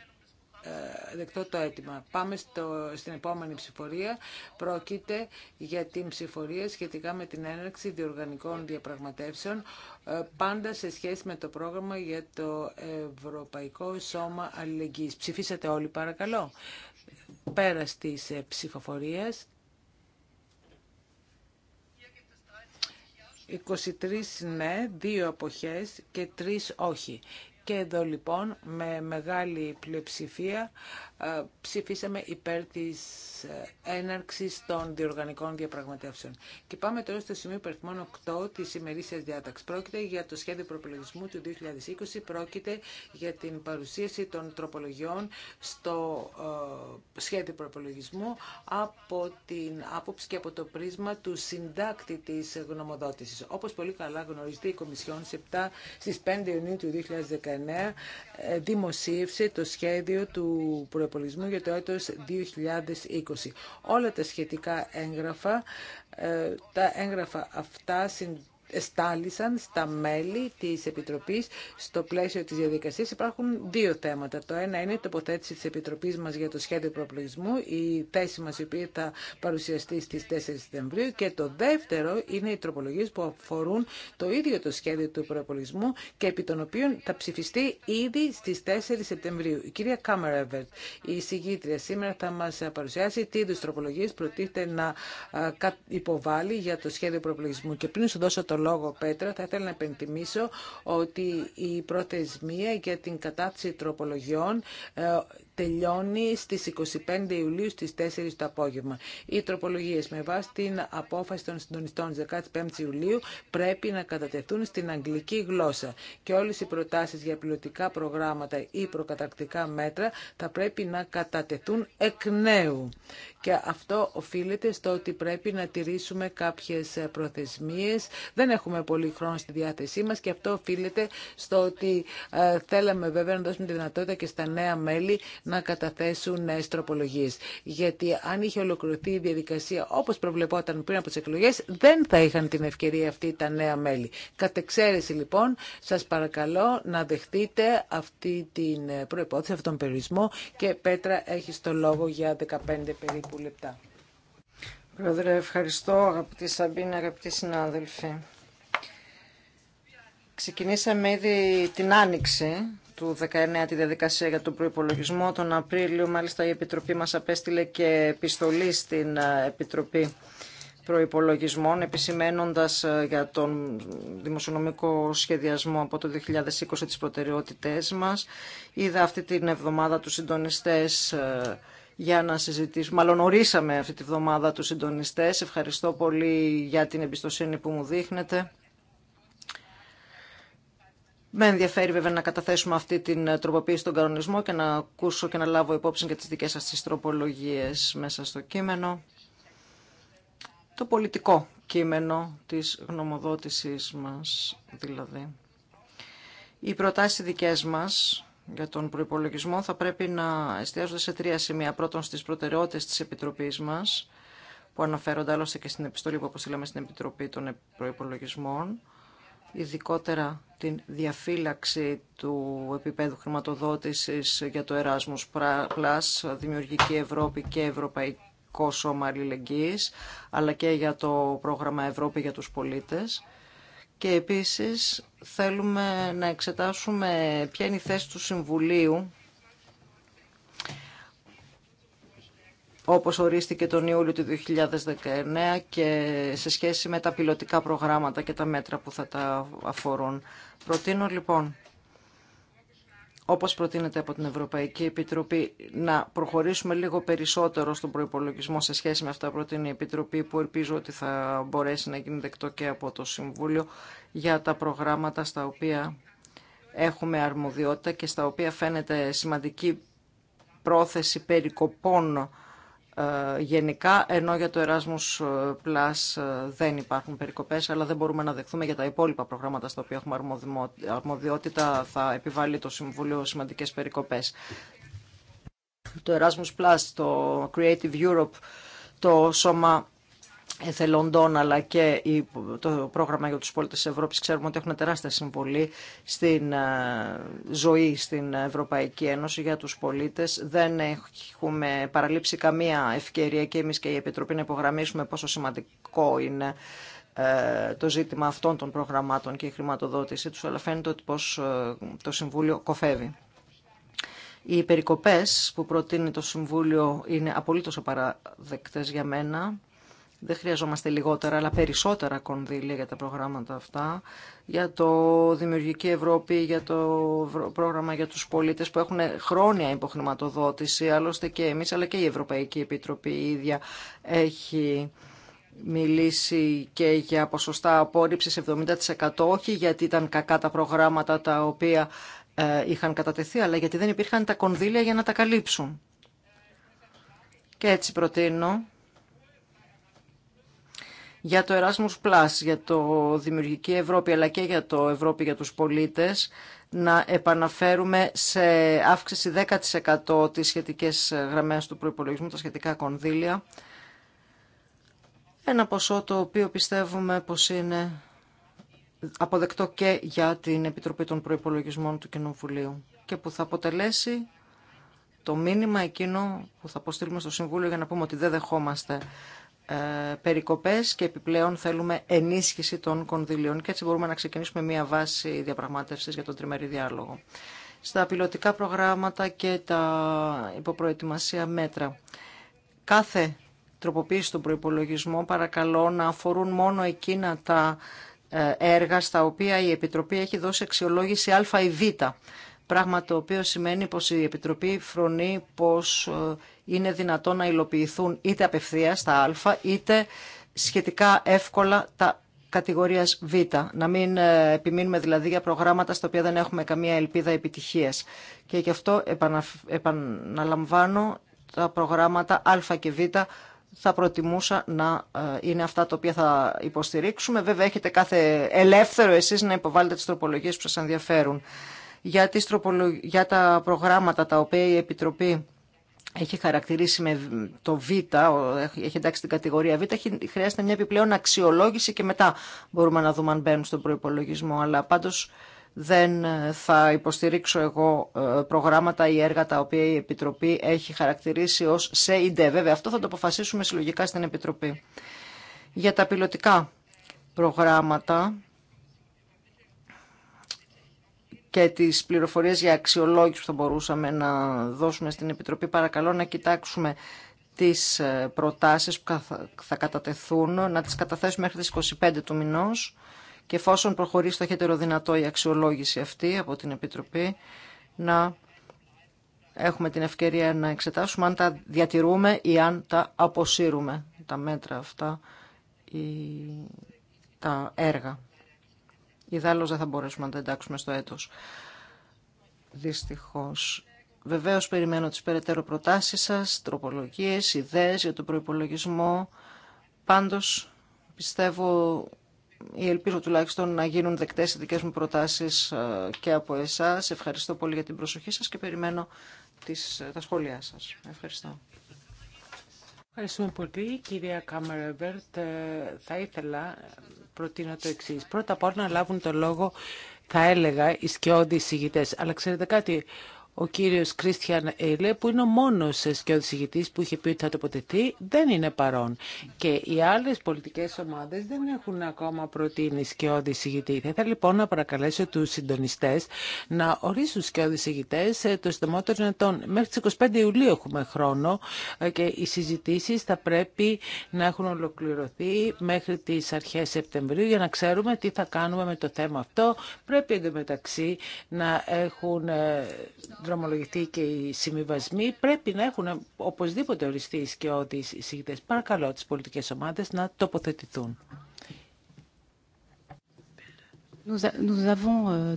ε, δεκτό το αίτημα. Πάμε στο, στην επόμενη ψηφορία. Πρόκειται για την ψηφορία σχετικά με την έναρξη διοργανικών διαπραγματεύσεων ε, πάντα σε σχέση με το πρόγραμμα για το Ευρωπαϊκό Σώμα Αλληλεγγύης. Ψηφίσατε όλοι παρακαλώ. Πέρα της ε, ψηφοφορίας 23 ναι, 2 αποχές και 3 όχι. Και εδώ λοιπόν με μεγάλη πλειοψηφία ε, ψηφίσαμε υπέρ της ε, έναρξης των διοργανικών διαπραγματεύσεων. Και πάμε τώρα στο σημείο υπερθμών 8 της ημερήσιας διάταξης. Πρόκειται για το σχέδιο προπολογισμού του 2020, πρόκειται για την παρουσίαση των τροπολογιών στο ε, σχέδιο προπολογισμού από την άποψη και από το πρίσμα του συντάκτη της γνωμοδότησης. Όπως πολύ καλά γνωρίζετε, η Κομισιόν στις 5 Ιουνίου του 2019 δημοσίευσε το σχέδιο του προπολογισμού πολισμού για το έτος 2020. Όλα τα σχετικά έγγραφα, ε, τα έγγραφα αυτά στάλησαν στα μέλη της Επιτροπής στο πλαίσιο της διαδικασίας. Υπάρχουν δύο θέματα. Το ένα είναι η τοποθέτηση της Επιτροπής μας για το σχέδιο προπλογισμού, η θέση μας η οποία θα παρουσιαστεί στις 4 Σεπτεμβρίου και το δεύτερο είναι οι τροπολογίες που αφορούν το ίδιο το σχέδιο του προπολογισμού και επί των οποίων θα ψηφιστεί ήδη στις 4 Σεπτεμβρίου. Η κυρία Κάμερεβερτ, η συγγήτρια, σήμερα θα μας παρουσιάσει τι είδους τροπολογίες προτίθεται να υποβάλει για το σχέδιο προπλογισμού. Και πριν σου δώσω το λόγο, Πέτρα, θα ήθελα να επενθυμίσω ότι η προθεσμία για την κατάθεση τροπολογιών ε, τελειώνει στις 25 Ιουλίου στις 4 το απόγευμα. Οι τροπολογίες με βάση την απόφαση των συντονιστών 15 Ιουλίου πρέπει να κατατεθούν στην αγγλική γλώσσα και όλες οι προτάσεις για πιλωτικά προγράμματα ή προκατακτικά μέτρα θα πρέπει να κατατεθούν εκ νέου. Και αυτό οφείλεται στο ότι πρέπει να τηρήσουμε κάποιες προθεσμίες. Δεν έχουμε πολύ χρόνο στη διάθεσή μας και αυτό οφείλεται στο ότι ε, θέλαμε βέβαια να δώσουμε τη δυνατότητα και στα νέα μέλη να καταθέσουν νέε τροπολογίε. Γιατί αν είχε ολοκληρωθεί η διαδικασία όπω προβλεπόταν πριν από τι εκλογέ, δεν θα είχαν την ευκαιρία αυτή τα νέα μέλη. Κατ' εξαίρεση λοιπόν, σα παρακαλώ να δεχτείτε αυτή την προπόθεση, αυτόν τον περιορισμό και Πέτρα έχει το λόγο για 15 περίπου λεπτά. Πρόεδρε, ευχαριστώ αγαπητή Σαμπίνα, αγαπητοί συνάδελφοι. Ξεκινήσαμε ήδη την Άνοιξη του 19 τη διαδικασία για τον προϋπολογισμό. Τον Απρίλιο μάλιστα η Επιτροπή μας απέστειλε και επιστολή στην ε, Επιτροπή προϋπολογισμών επισημένοντας ε, για τον δημοσιονομικό σχεδιασμό από το 2020 τις προτεραιότητές μας. Είδα αυτή την εβδομάδα τους συντονιστές ε, για να συζητήσουμε. Μάλλον ορίσαμε αυτή τη βδομάδα τους συντονιστές. Ευχαριστώ πολύ για την εμπιστοσύνη που μου δείχνετε. Με ενδιαφέρει βέβαια να καταθέσουμε αυτή την ε, τροποποίηση στον κανονισμό και να ακούσω και να λάβω υπόψη για τις δικές σας τις τροπολογίες μέσα στο κείμενο. Το πολιτικό κείμενο της γνωμοδότησής μας δηλαδή. Οι προτάσεις δικές μας για τον προϋπολογισμό θα πρέπει να εστιάζονται σε τρία σημεία. Πρώτον στις προτεραιότητες της Επιτροπής μας που αναφέρονται άλλωστε και στην επιστολή που αποστήλαμε στην Επιτροπή των Προϋπολογισμών ειδικότερα την διαφύλαξη του επίπεδου χρηματοδότησης για το Erasmus Δημιουργική Ευρώπη και Ευρωπαϊκό Σώμα Αλληλεγγύης, αλλά και για το πρόγραμμα Ευρώπη για τους πολίτες. Και επίσης θέλουμε να εξετάσουμε ποια είναι η θέση του Συμβουλίου όπως ορίστηκε τον Ιούλιο του 2019 και σε σχέση με τα πιλωτικά προγράμματα και τα μέτρα που θα τα αφορούν. Προτείνω λοιπόν, όπως προτείνεται από την Ευρωπαϊκή Επιτροπή, να προχωρήσουμε λίγο περισσότερο στον προϋπολογισμό σε σχέση με αυτά που προτείνει η Επιτροπή, που ελπίζω ότι θα μπορέσει να γίνει δεκτό και από το Συμβούλιο για τα προγράμματα στα οποία έχουμε αρμοδιότητα και στα οποία φαίνεται σημαντική πρόθεση περικοπών ε, γενικά, ενώ για το Erasmus ε, Plus ε, δεν υπάρχουν περικοπές, αλλά δεν μπορούμε να δεχθούμε για τα υπόλοιπα προγράμματα στα οποία έχουμε αρμοδιότητα θα επιβάλλει το Συμβούλιο σημαντικές περικοπές. Το Erasmus Plus, το Creative Europe, το Σώμα εθελοντών αλλά και το πρόγραμμα για τους πολίτες της Ευρώπης ξέρουμε ότι έχουν τεράστια συμβολή στην ε, ζωή στην Ευρωπαϊκή Ένωση για τους πολίτες. Δεν έχουμε παραλείψει καμία ευκαιρία και εμείς και η Επιτροπή να υπογραμμίσουμε πόσο σημαντικό είναι ε, το ζήτημα αυτών των προγραμμάτων και η χρηματοδότησή τους, αλλά φαίνεται ότι πως ε, το Συμβούλιο κοφεύει. Οι περικοπές που προτείνει το Συμβούλιο είναι απολύτως απαραδεκτές για μένα δεν χρειαζόμαστε λιγότερα, αλλά περισσότερα κονδύλια για τα προγράμματα αυτά, για το Δημιουργική Ευρώπη, για το πρόγραμμα για τους πολίτες που έχουν χρόνια υποχρηματοδότηση, άλλωστε και εμείς, αλλά και η Ευρωπαϊκή Επιτροπή η ίδια έχει μιλήσει και για ποσοστά απόρριψης 70%, όχι γιατί ήταν κακά τα προγράμματα τα οποία ε, είχαν κατατεθεί, αλλά γιατί δεν υπήρχαν τα κονδύλια για να τα καλύψουν. Και έτσι προτείνω για το Erasmus για το Δημιουργική Ευρώπη, αλλά και για το Ευρώπη για τους πολίτες, να επαναφέρουμε σε αύξηση 10% τις σχετικές γραμμές του προϋπολογισμού, τα σχετικά κονδύλια. Ένα ποσό το οποίο πιστεύουμε πως είναι αποδεκτό και για την Επιτροπή των Προϋπολογισμών του Κοινοβουλίου και που θα αποτελέσει το μήνυμα εκείνο που θα αποστείλουμε στο Συμβούλιο για να πούμε ότι δεν δεχόμαστε ε, περικοπές και επιπλέον θέλουμε ενίσχυση των κονδυλίων και έτσι μπορούμε να ξεκινήσουμε μια βάση διαπραγμάτευσης για τον τριμερή διάλογο. Στα πιλωτικά προγράμματα και τα υποπροετοιμασία μέτρα. Κάθε τροποποίηση στον προϋπολογισμό παρακαλώ να αφορούν μόνο εκείνα τα ε, έργα στα οποία η Επιτροπή έχει δώσει αξιολόγηση α ή β. Πράγμα το οποίο σημαίνει πως η Επιτροπή φρονεί πως ε, είναι δυνατόν να υλοποιηθούν είτε απευθεία τα α, είτε σχετικά εύκολα τα κατηγορία Β. Να μην ε, επιμείνουμε δηλαδή για προγράμματα στα οποία δεν έχουμε καμία ελπίδα επιτυχίας. Και γι' αυτό επαναλαμβάνω τα προγράμματα α και β θα προτιμούσα να ε, είναι αυτά τα οποία θα υποστηρίξουμε. Βέβαια έχετε κάθε ελεύθερο εσείς να υποβάλλετε τις τροπολογίες που σας ενδιαφέρουν. Για, για τα προγράμματα τα οποία η Επιτροπή έχει χαρακτηρίσει με το Β, έχει εντάξει την κατηγορία Β, χρειάζεται μια επιπλέον αξιολόγηση και μετά μπορούμε να δούμε αν μπαίνουν στον προϋπολογισμό. Αλλά πάντως δεν ε, θα υποστηρίξω εγώ ε, προγράμματα ή έργα τα οποία η Επιτροπή έχει χαρακτηρίσει ως σε ΙΝΤΕ. Βέβαια αυτό θα το αποφασίσουμε συλλογικά στην Επιτροπή. Για τα πιλωτικά προγράμματα και τις πληροφορίες για αξιολόγηση που θα μπορούσαμε να δώσουμε στην Επιτροπή. Παρακαλώ να κοιτάξουμε τις ε, προτάσεις που θα κατατεθούν, να τις καταθέσουμε μέχρι τις 25 του μηνός και εφόσον προχωρήσει το χέτερο δυνατό η αξιολόγηση αυτή από την Επιτροπή, να έχουμε την ευκαιρία να εξετάσουμε αν τα διατηρούμε ή αν τα αποσύρουμε τα μέτρα αυτά ή τα έργα. Ιδάλλως δεν θα μπορέσουμε να τα εντάξουμε στο έτος. Δυστυχώς. Βεβαίως περιμένω τις περαιτέρω προτάσεις σας, τροπολογίες, ιδέες για τον προϋπολογισμό. Πάντως πιστεύω ή ελπίζω τουλάχιστον να γίνουν δεκτές οι δικές μου προτάσεις ε, και από εσάς. Ευχαριστώ πολύ για την προσοχή σας και περιμένω τις, ε, τα σχόλιά σας. Ευχαριστώ. Ευχαριστούμε πολύ, κυρία Κάμερεβερτ. Ε, θα ήθελα, προτείνω το εξή. Πρώτα απ' όλα να λάβουν το λόγο, θα έλεγα, οι σκιώδει ηγητέ. Αλλά ξέρετε κάτι, ο κύριο Κρίστιαν Έιλε, που είναι ο μόνος σκιοδησηγητής που είχε πει ότι θα τοποθετεί, δεν είναι παρόν. Και οι άλλε πολιτικέ ομάδε δεν έχουν ακόμα προτείνει ηγητή. Θα ήθελα λοιπόν να παρακαλέσω του συντονιστέ να ορίσουν ηγητέ ε, το συντομότερο δυνατόν. Μέχρι τις 25 Ιουλίου έχουμε χρόνο ε, και οι συζητήσει θα πρέπει να έχουν ολοκληρωθεί μέχρι τι αρχέ Σεπτεμβρίου για να ξέρουμε τι θα κάνουμε με το θέμα αυτό. Πρέπει εντωμεταξύ να έχουν ε, δρομολογηθεί και οι συμβιβασμοί, πρέπει να έχουν οπωσδήποτε οριστεί οι σκιώδει Παρακαλώ τι πολιτικέ ομάδε να τοποθετηθούν. Euh,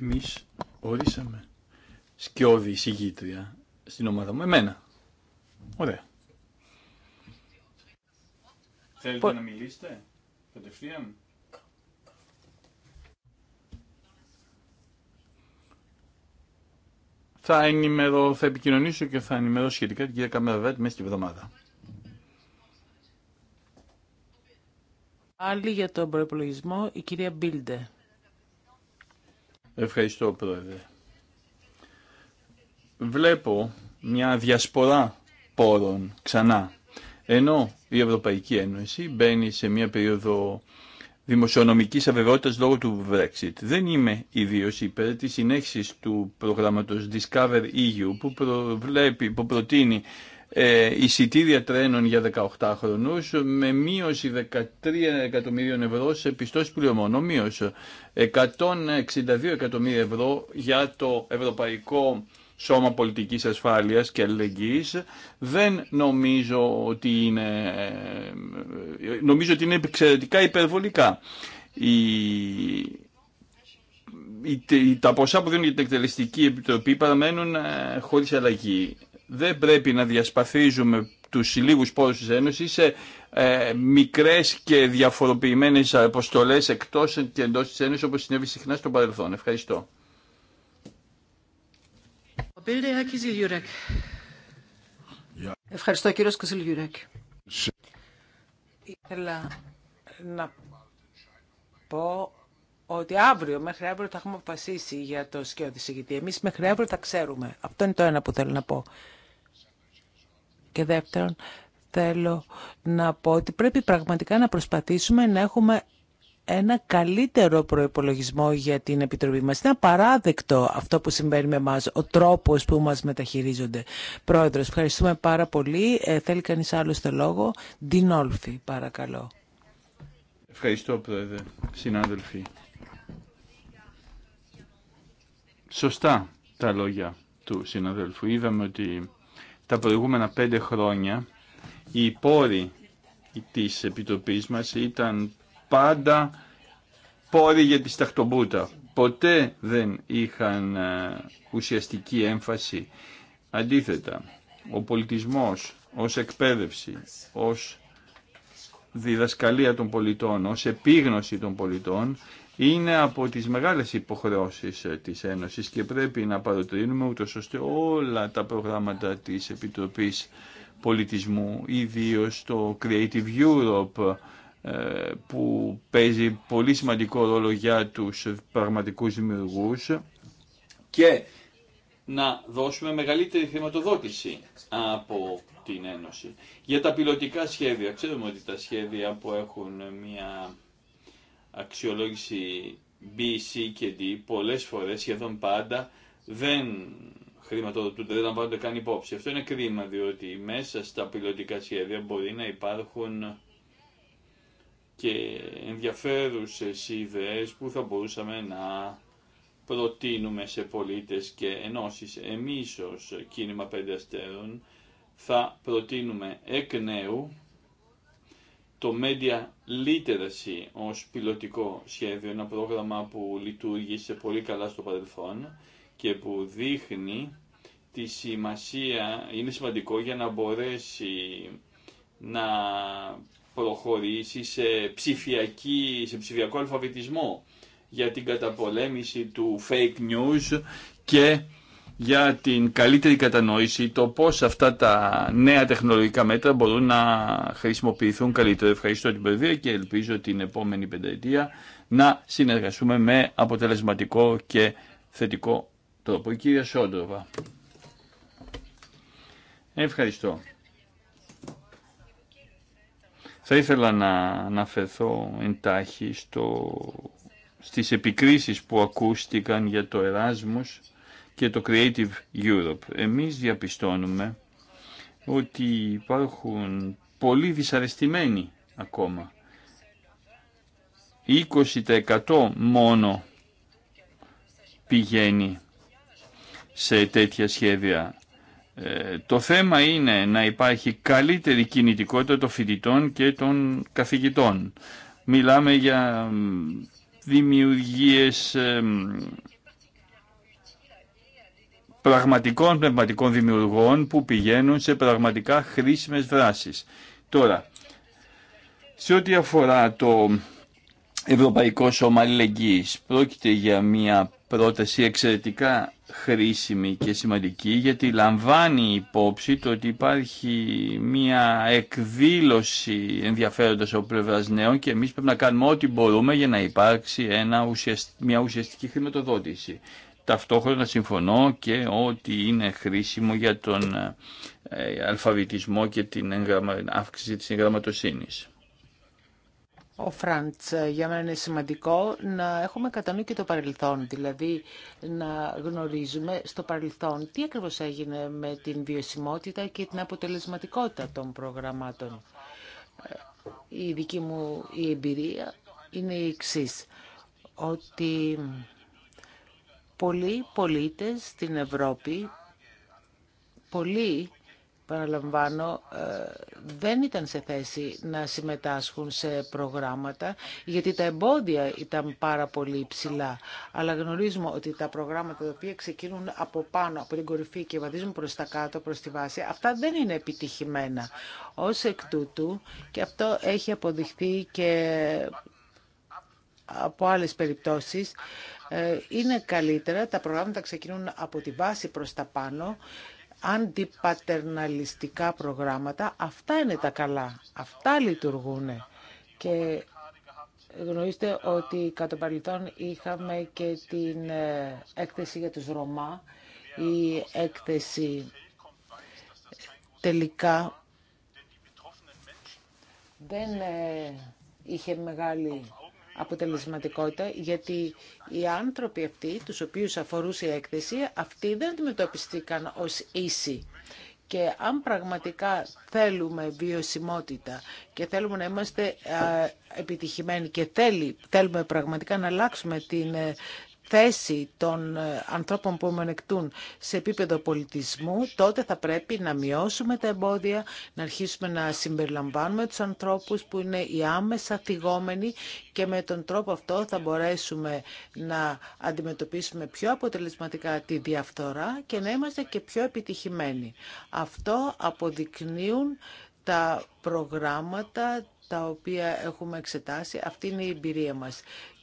Εμείς ορίσαμε σκιώδη εισηγήτρια στην ομάδα μου. Εμένα. Ωραία. Θέλετε να μιλήσετε κατευθείαν. Θα, ενημερώ, θα επικοινωνήσω και θα ενημερώσω σχετικά την κυρία Καμεραβέτ μέσα στη εβδομάδα. Άλλη για τον προπολογισμό, η κυρία Μπίλντε. Ευχαριστώ, Πρόεδρε. Βλέπω μια διασπορά πόρων ξανά. Ενώ η Ευρωπαϊκή Ένωση μπαίνει σε μια περίοδο Δημοσιονομική αβεβαιότητα λόγω του Brexit. Δεν είμαι ιδίω υπέρ της συνέχισης του προγράμματος Discover EU που, προβλέπει, που προτείνει ε, εισιτήρια τρένων για 18 χρονούς με μείωση 13 εκατομμυρίων ευρώ σε πιστώσεις πληρωμών. μείωση 162 εκατομμύρια ευρώ για το Ευρωπαϊκό Σώμα Πολιτικής Ασφάλειας και Αλληλεγγύης δεν νομίζω ότι είναι, νομίζω ότι είναι εξαιρετικά υπερβολικά. Η, τα ποσά που δίνουν για την εκτελεστική επιτροπή παραμένουν ε, χωρίς αλλαγή. Δεν πρέπει να διασπαθίζουμε τους λίγου πόρους της Ένωσης σε ε, μικρές και διαφοροποιημένες αποστολές εκτός και εντός της Ένωσης όπως συνέβη συχνά στο παρελθόν. Ευχαριστώ. Ευχαριστώ Κύριε Γιουρέκ. Ήθελα να πω ότι αύριο, μέχρι αύριο θα έχουμε αποφασίσει για το σκέο τη ηγητή. Εμείς μέχρι αύριο τα ξέρουμε. Αυτό είναι το ένα που θέλω να πω. Και δεύτερον, θέλω να πω ότι πρέπει πραγματικά να προσπαθήσουμε να έχουμε ένα καλύτερο προϋπολογισμό για την Επιτροπή μας. Είναι απαράδεκτο αυτό που συμβαίνει με εμά, ο τρόπος που μας μεταχειρίζονται. Πρόεδρος, ευχαριστούμε πάρα πολύ. Ε, θέλει κανείς άλλο το λόγο. Ντινόλφη, παρακαλώ. Ευχαριστώ, Πρόεδρε, συνάδελφοι. Σωστά τα λόγια του συναδέλφου. Είδαμε ότι τα προηγούμενα πέντε χρόνια οι πόροι της Επιτροπής μας ήταν πάντα πόροι για τη τακτομπούτα. Ποτέ δεν είχαν ε, ουσιαστική έμφαση. Αντίθετα, ο πολιτισμός ως εκπαίδευση, ως διδασκαλία των πολιτών, ως επίγνωση των πολιτών, είναι από τις μεγάλες υποχρεώσεις ε, της Ένωσης και πρέπει να παροτρύνουμε ούτω ώστε όλα τα προγράμματα της Επιτροπής Πολιτισμού, ιδίως το Creative Europe, ε, που παίζει πολύ σημαντικό ρόλο για τους πραγματικούς δημιουργούς και να δώσουμε μεγαλύτερη χρηματοδότηση από την Ένωση. Για τα πιλωτικά σχέδια, ξέρουμε ότι τα σχέδια που έχουν μια αξιολόγηση B, C και D πολλές φορές, σχεδόν πάντα, δεν χρηματοδοτούνται, δεν λαμβάνονται καν υπόψη. Αυτό είναι κρίμα, διότι μέσα στα πιλωτικά σχέδια μπορεί να υπάρχουν και ενδιαφέρουσες ιδέες που θα μπορούσαμε να προτείνουμε σε πολίτες και ενώσεις. Εμείς ως κίνημα πέντε αστέρων θα προτείνουμε εκ νέου το Media Literacy ως πιλωτικό σχέδιο, ένα πρόγραμμα που λειτουργήσε πολύ καλά στο παρελθόν και που δείχνει τη σημασία, είναι σημαντικό για να μπορέσει να προχωρήσει σε, ψηφιακή, σε ψηφιακό αλφαβητισμό για την καταπολέμηση του fake news και για την καλύτερη κατανόηση το πώς αυτά τα νέα τεχνολογικά μέτρα μπορούν να χρησιμοποιηθούν καλύτερα. Ευχαριστώ την Περβία και ελπίζω την επόμενη πενταετία να συνεργαστούμε με αποτελεσματικό και θετικό τρόπο. Η κυρία Σόντροβα. Ευχαριστώ. Θα ήθελα να αναφερθώ εντάχει στο, στις επικρίσεις που ακούστηκαν για το Erasmus και το Creative Europe. Εμείς διαπιστώνουμε ότι υπάρχουν πολλοί δυσαρεστημένοι ακόμα. 20% μόνο πηγαίνει σε τέτοια σχέδια ε, το θέμα είναι να υπάρχει καλύτερη κινητικότητα των φοιτητών και των καθηγητών. Μιλάμε για δημιουργίες ε, πραγματικών πνευματικών δημιουργών που πηγαίνουν σε πραγματικά χρήσιμες δράσεις. Τώρα, σε ό,τι αφορά το Ευρωπαϊκό Σώμα Αλληλεγγύης, πρόκειται για μια πρόταση εξαιρετικά χρήσιμη και σημαντική γιατί λαμβάνει υπόψη το ότι υπάρχει μια εκδήλωση ενδιαφέροντας από πλευρά νέων και εμείς πρέπει να κάνουμε ό,τι μπορούμε για να υπάρξει μια ουσιαστική χρηματοδότηση. Ταυτόχρονα συμφωνώ και ότι είναι χρήσιμο για τον ε, αλφαβητισμό και την αύξηση της εγγραμματοσύνης. Ο Φραντς, για μένα είναι σημαντικό να έχουμε κατά και το παρελθόν, δηλαδή να γνωρίζουμε στο παρελθόν τι ακριβώς έγινε με την βιωσιμότητα και την αποτελεσματικότητα των προγραμμάτων. Η δική μου η εμπειρία είναι η εξή ότι πολλοί πολίτες στην Ευρώπη, πολλοί παραλαμβάνω, ε, δεν ήταν σε θέση να συμμετάσχουν σε προγράμματα, γιατί τα εμπόδια ήταν πάρα πολύ ψηλά Αλλά γνωρίζουμε ότι τα προγράμματα τα οποία ξεκινούν από πάνω, από την κορυφή και βαδίζουν προς τα κάτω, προς τη βάση, αυτά δεν είναι επιτυχημένα. Ως εκ τούτου, και αυτό έχει αποδειχθεί και από άλλες περιπτώσεις, ε, είναι καλύτερα, τα προγράμματα ξεκινούν από τη βάση προς τα πάνω αντιπατερναλιστικά προγράμματα, αυτά είναι τα καλά, αυτά λειτουργούν. Και γνωρίζετε ότι κατά παρελθόν είχαμε και την ε, έκθεση για τους Ρωμά, η έκθεση τελικά δεν ε, είχε μεγάλη αποτελεσματικότητα, γιατί οι άνθρωποι αυτοί, τους οποίους αφορούσε η έκθεση, αυτοί δεν αντιμετωπιστήκαν ως ίσοι. Και αν πραγματικά θέλουμε βιωσιμότητα και θέλουμε να είμαστε ε, επιτυχημένοι και θέλουμε πραγματικά να αλλάξουμε την ε, θέση των ε, ανθρώπων που μενεκτούν σε επίπεδο πολιτισμού, τότε θα πρέπει να μειώσουμε τα εμπόδια, να αρχίσουμε να συμπεριλαμβάνουμε τους ανθρώπους που είναι οι άμεσα θυγόμενοι και με τον τρόπο αυτό θα μπορέσουμε να αντιμετωπίσουμε πιο αποτελεσματικά τη διαφθορά και να είμαστε και πιο επιτυχημένοι. Αυτό αποδεικνύουν τα προγράμματα τα οποία έχουμε εξετάσει. Αυτή είναι η εμπειρία μας.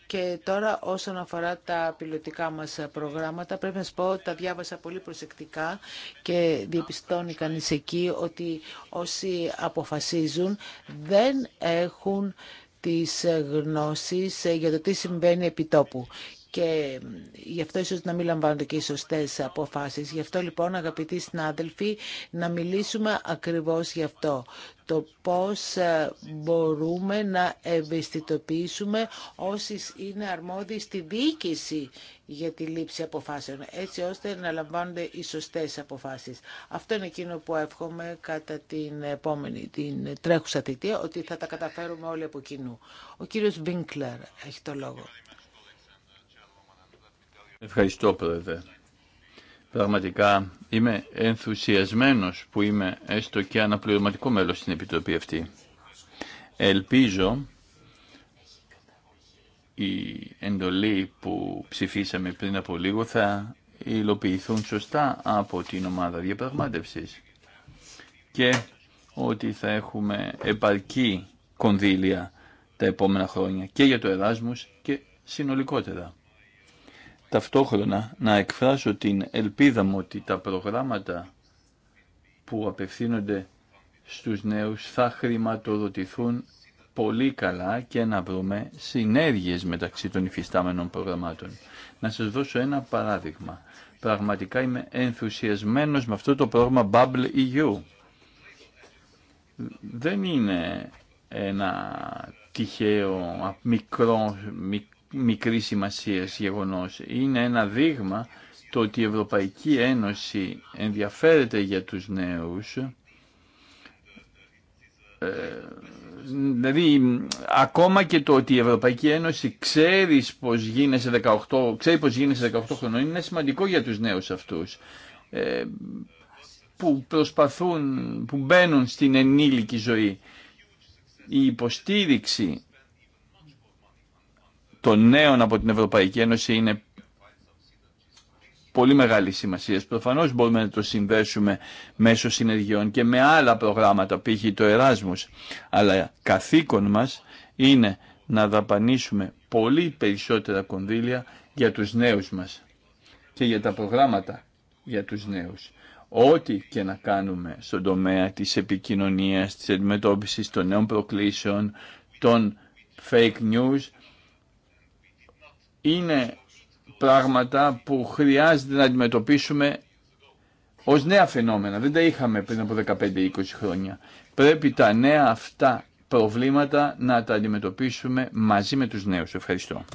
Και τώρα όσον αφορά τα πιλωτικά μας προγράμματα, πρέπει να σας πω, ότι τα διάβασα πολύ προσεκτικά και διαπιστώνει κανείς εκεί ότι όσοι αποφασίζουν δεν έχουν τις γνώσεις για το τι συμβαίνει επί τόπου και γι' αυτό ίσως να μην λαμβάνονται και οι σωστές αποφάσεις. Γι' αυτό λοιπόν αγαπητοί συνάδελφοι να μιλήσουμε ακριβώς γι' αυτό το πώς ε, μπορούμε να ευαισθητοποιήσουμε όσοι είναι αρμόδιοι στη διοίκηση για τη λήψη αποφάσεων, έτσι ώστε να λαμβάνονται οι σωστές αποφάσεις. Αυτό είναι εκείνο που εύχομαι κατά την επόμενη, την τρέχουσα θητεία, ότι θα τα καταφέρουμε όλοι από κοινού. Ο κύριος Βίνκλερ έχει το λόγο. Ευχαριστώ, Πρόεδρε. Πραγματικά είμαι ενθουσιασμένος που είμαι έστω και αναπληρωματικό μέλος στην Επιτροπή αυτή. Ελπίζω η εντολή που ψηφίσαμε πριν από λίγο θα υλοποιηθούν σωστά από την ομάδα διαπραγμάτευσης και ότι θα έχουμε επαρκή κονδύλια τα επόμενα χρόνια και για το Εράσμους και συνολικότερα ταυτόχρονα να εκφράσω την ελπίδα μου ότι τα προγράμματα που απευθύνονται στους νέους θα χρηματοδοτηθούν πολύ καλά και να βρούμε συνέργειες μεταξύ των υφιστάμενων προγραμμάτων. Να σας δώσω ένα παράδειγμα. Πραγματικά είμαι ενθουσιασμένος με αυτό το πρόγραμμα Bubble EU. Δεν είναι ένα τυχαίο μικρό, μικρό μικρή σημασία γεγονός. Είναι ένα δείγμα το ότι η Ευρωπαϊκή Ένωση ενδιαφέρεται για τους νέους, ε, δηλαδή ακόμα και το ότι η Ευρωπαϊκή Ένωση ξέρει πως γίνεσαι 18, ξέρει πως 18 χρονών είναι σημαντικό για τους νέους αυτούς ε, που προσπαθούν, που μπαίνουν στην ενήλικη ζωή. Η υποστήριξη των νέων από την Ευρωπαϊκή Ένωση είναι πολύ μεγάλη σημασία. Προφανώ μπορούμε να το συνδέσουμε μέσω συνεργειών και με άλλα προγράμματα, π.χ. το Εράσμους. Αλλά καθήκον μα είναι να δαπανίσουμε πολύ περισσότερα κονδύλια για τους νέους μας και για τα προγράμματα για τους νέους. Ό,τι και να κάνουμε στον τομέα της επικοινωνίας, της αντιμετώπισης των νέων προκλήσεων, των fake news, είναι πράγματα που χρειάζεται να αντιμετωπίσουμε ως νέα φαινόμενα. Δεν τα είχαμε πριν από 15-20 χρόνια. Πρέπει τα νέα αυτά προβλήματα να τα αντιμετωπίσουμε μαζί με τους νέους. Ευχαριστώ.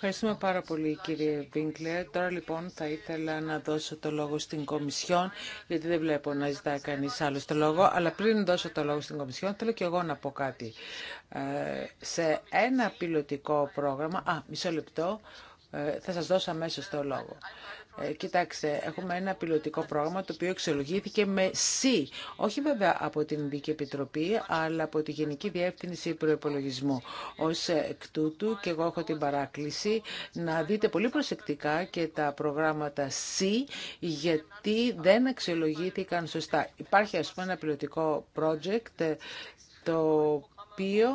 Ευχαριστούμε πάρα πολύ κύριε Βίγκλερ. Τώρα λοιπόν θα ήθελα να δώσω το λόγο στην Κομισιόν, γιατί δεν βλέπω να ζητάει κανείς άλλο το λόγο, αλλά πριν δώσω το λόγο στην Κομισιόν θέλω και εγώ να πω κάτι. Ε, σε ένα πιλωτικό πρόγραμμα, α, μισό λεπτό, ε, θα σας δώσω αμέσως το λόγο. Ε, κοιτάξτε, έχουμε ένα πιλωτικό πρόγραμμα το οποίο εξολογήθηκε με C, όχι βέβαια από την Δικη Επιτροπή, αλλά από τη Γενική Διεύθυνση Προπολογισμού. Ω εκ τούτου, και εγώ έχω την παράκληση να δείτε πολύ προσεκτικά και τα προγράμματα C, γιατί δεν αξιολογήθηκαν σωστά. Υπάρχει, α πούμε, ένα πιλωτικό project ε, το οποίο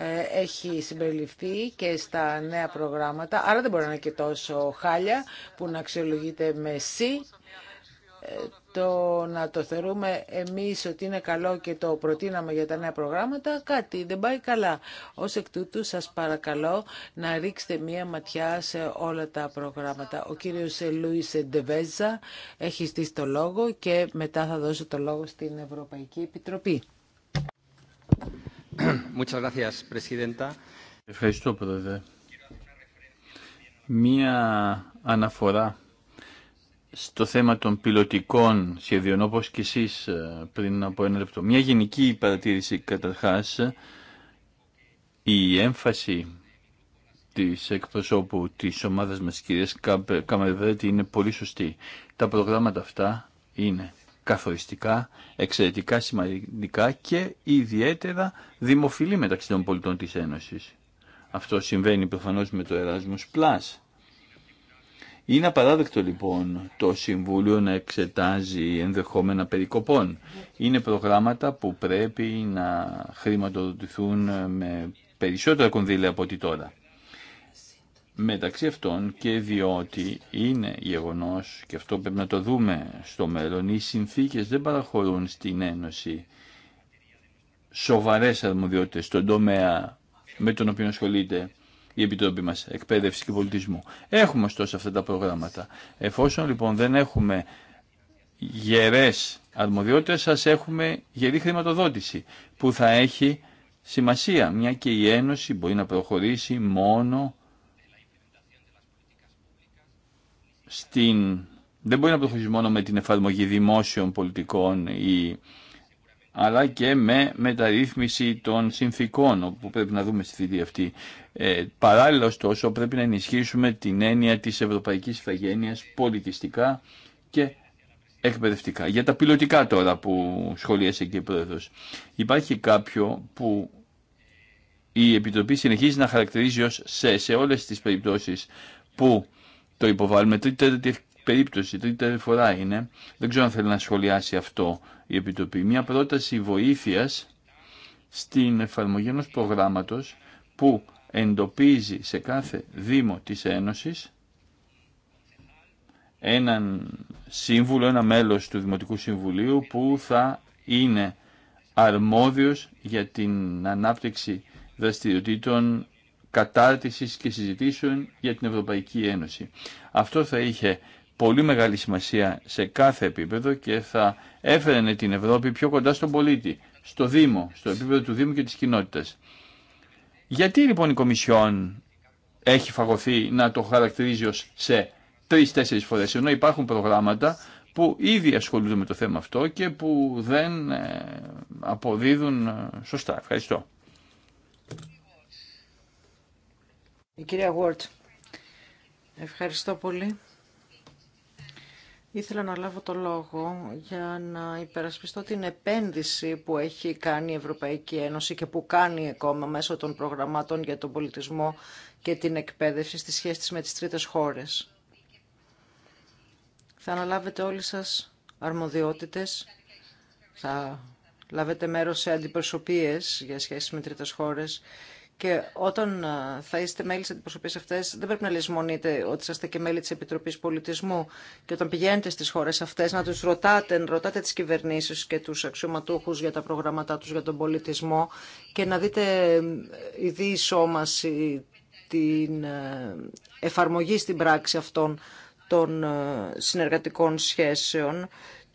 ε, έχει συμπεριληφθεί και στα νέα προγράμματα, άρα δεν μπορεί να είναι και τόσο χάλια που να αξιολογείται με «σι». Ε, το να το θεωρούμε εμείς ότι είναι καλό και το προτείναμε για τα νέα προγράμματα, κάτι δεν πάει καλά. Ως εκ τούτου σας παρακαλώ να ρίξετε μία ματιά σε όλα τα προγράμματα. Ο κύριος Λούις Ντεβέζα έχει στήσει το λόγο και μετά θα δώσω το λόγο στην Ευρωπαϊκή Επιτροπή. Ευχαριστώ, Πρόεδρε. Μία αναφορά στο θέμα των πιλωτικών σχεδίων, όπως και εσείς πριν από ένα λεπτό. Μια γενική παρατήρηση καταρχάς, η έμφαση της εκπροσώπου της ομάδας μας, κυρίας Καμερβέτη, είναι πολύ σωστή. Τα προγράμματα αυτά είναι καθοριστικά, εξαιρετικά σημαντικά και ιδιαίτερα δημοφιλή μεταξύ των πολιτών της Ένωσης. Αυτό συμβαίνει προφανώς με το Erasmus Plus. Είναι απαράδεκτο λοιπόν το Συμβούλιο να εξετάζει ενδεχόμενα περικοπών. Είναι προγράμματα που πρέπει να χρηματοδοτηθούν με περισσότερα κονδύλια από ό,τι τώρα. Μεταξύ αυτών και διότι είναι γεγονό και αυτό πρέπει να το δούμε στο μέλλον, οι συνθήκες δεν παραχωρούν στην Ένωση σοβαρές αρμοδιότητες στον τομέα με τον οποίο ασχολείται η Επιτροπή μας Εκπαίδευση και Πολιτισμού. Έχουμε ωστόσο αυτά τα προγράμματα. Εφόσον λοιπόν δεν έχουμε γερές αρμοδιότητες, σας έχουμε γερή χρηματοδότηση που θα έχει σημασία, μια και η Ένωση μπορεί να προχωρήσει μόνο στην... δεν μπορεί να προχωρήσει μόνο με την εφαρμογή δημόσιων πολιτικών ή... αλλά και με μεταρρύθμιση των συνθήκων που πρέπει να δούμε στη θητή αυτή. Ε, παράλληλα ωστόσο πρέπει να ενισχύσουμε την έννοια της ευρωπαϊκής ηθαγένειας πολιτιστικά και εκπαιδευτικά. Για τα πιλωτικά τώρα που σχολίασε και η Πρόεδρος. Υπάρχει κάποιο που η Επιτροπή συνεχίζει να χαρακτηρίζει ως σε, σε όλες τις περιπτώσεις που το υποβάλλουμε. Τρίτη τέταρτη περίπτωση, τρίτη φορά είναι. Δεν ξέρω αν θέλει να σχολιάσει αυτό η Επιτροπή. Μια πρόταση βοήθειας στην εφαρμογή ενός προγράμματος που εντοπίζει σε κάθε Δήμο της Ένωσης έναν σύμβουλο, ένα μέλος του Δημοτικού Συμβουλίου που θα είναι αρμόδιος για την ανάπτυξη δραστηριοτήτων κατάρτισης και συζητήσεων για την Ευρωπαϊκή Ένωση. Αυτό θα είχε πολύ μεγάλη σημασία σε κάθε επίπεδο και θα έφερνε την Ευρώπη πιο κοντά στον πολίτη, στο Δήμο, στο επίπεδο του Δήμου και της κοινότητας. Γιατί λοιπόν η Κομισιόν έχει φαγωθεί να το χαρακτηρίζει ως σε τρεις-τέσσερις φορές, ενώ υπάρχουν προγράμματα που ήδη ασχολούνται με το θέμα αυτό και που δεν ε, αποδίδουν ε, σωστά. Ευχαριστώ. Η κυρία Γουόρτ. Ευχαριστώ πολύ. Ήθελα να λάβω το λόγο για να υπερασπιστώ την επένδυση που έχει κάνει η Ευρωπαϊκή Ένωση και που κάνει ακόμα μέσω των προγραμμάτων για τον πολιτισμό και την εκπαίδευση στις σχέσεις με τις τρίτες χώρες. Θα αναλάβετε όλοι σας αρμοδιότητες, θα λάβετε μέρος σε αντιπροσωπείες για σχέσεις με τρίτες χώρες και όταν ε, θα είστε μέλη τη αντιπροσωπή αυτέ, δεν πρέπει να λησμονείτε ότι είστε και μέλη τη Επιτροπή Πολιτισμού. Και όταν πηγαίνετε στι χώρε αυτέ, να του ρωτάτε, ρωτάτε τι κυβερνήσει και του αξιωματούχου για τα προγράμματά του για τον πολιτισμό και να δείτε ε, η διεισόμαση, την ε, εφαρμογή στην πράξη αυτών των συνεργατικών σχέσεων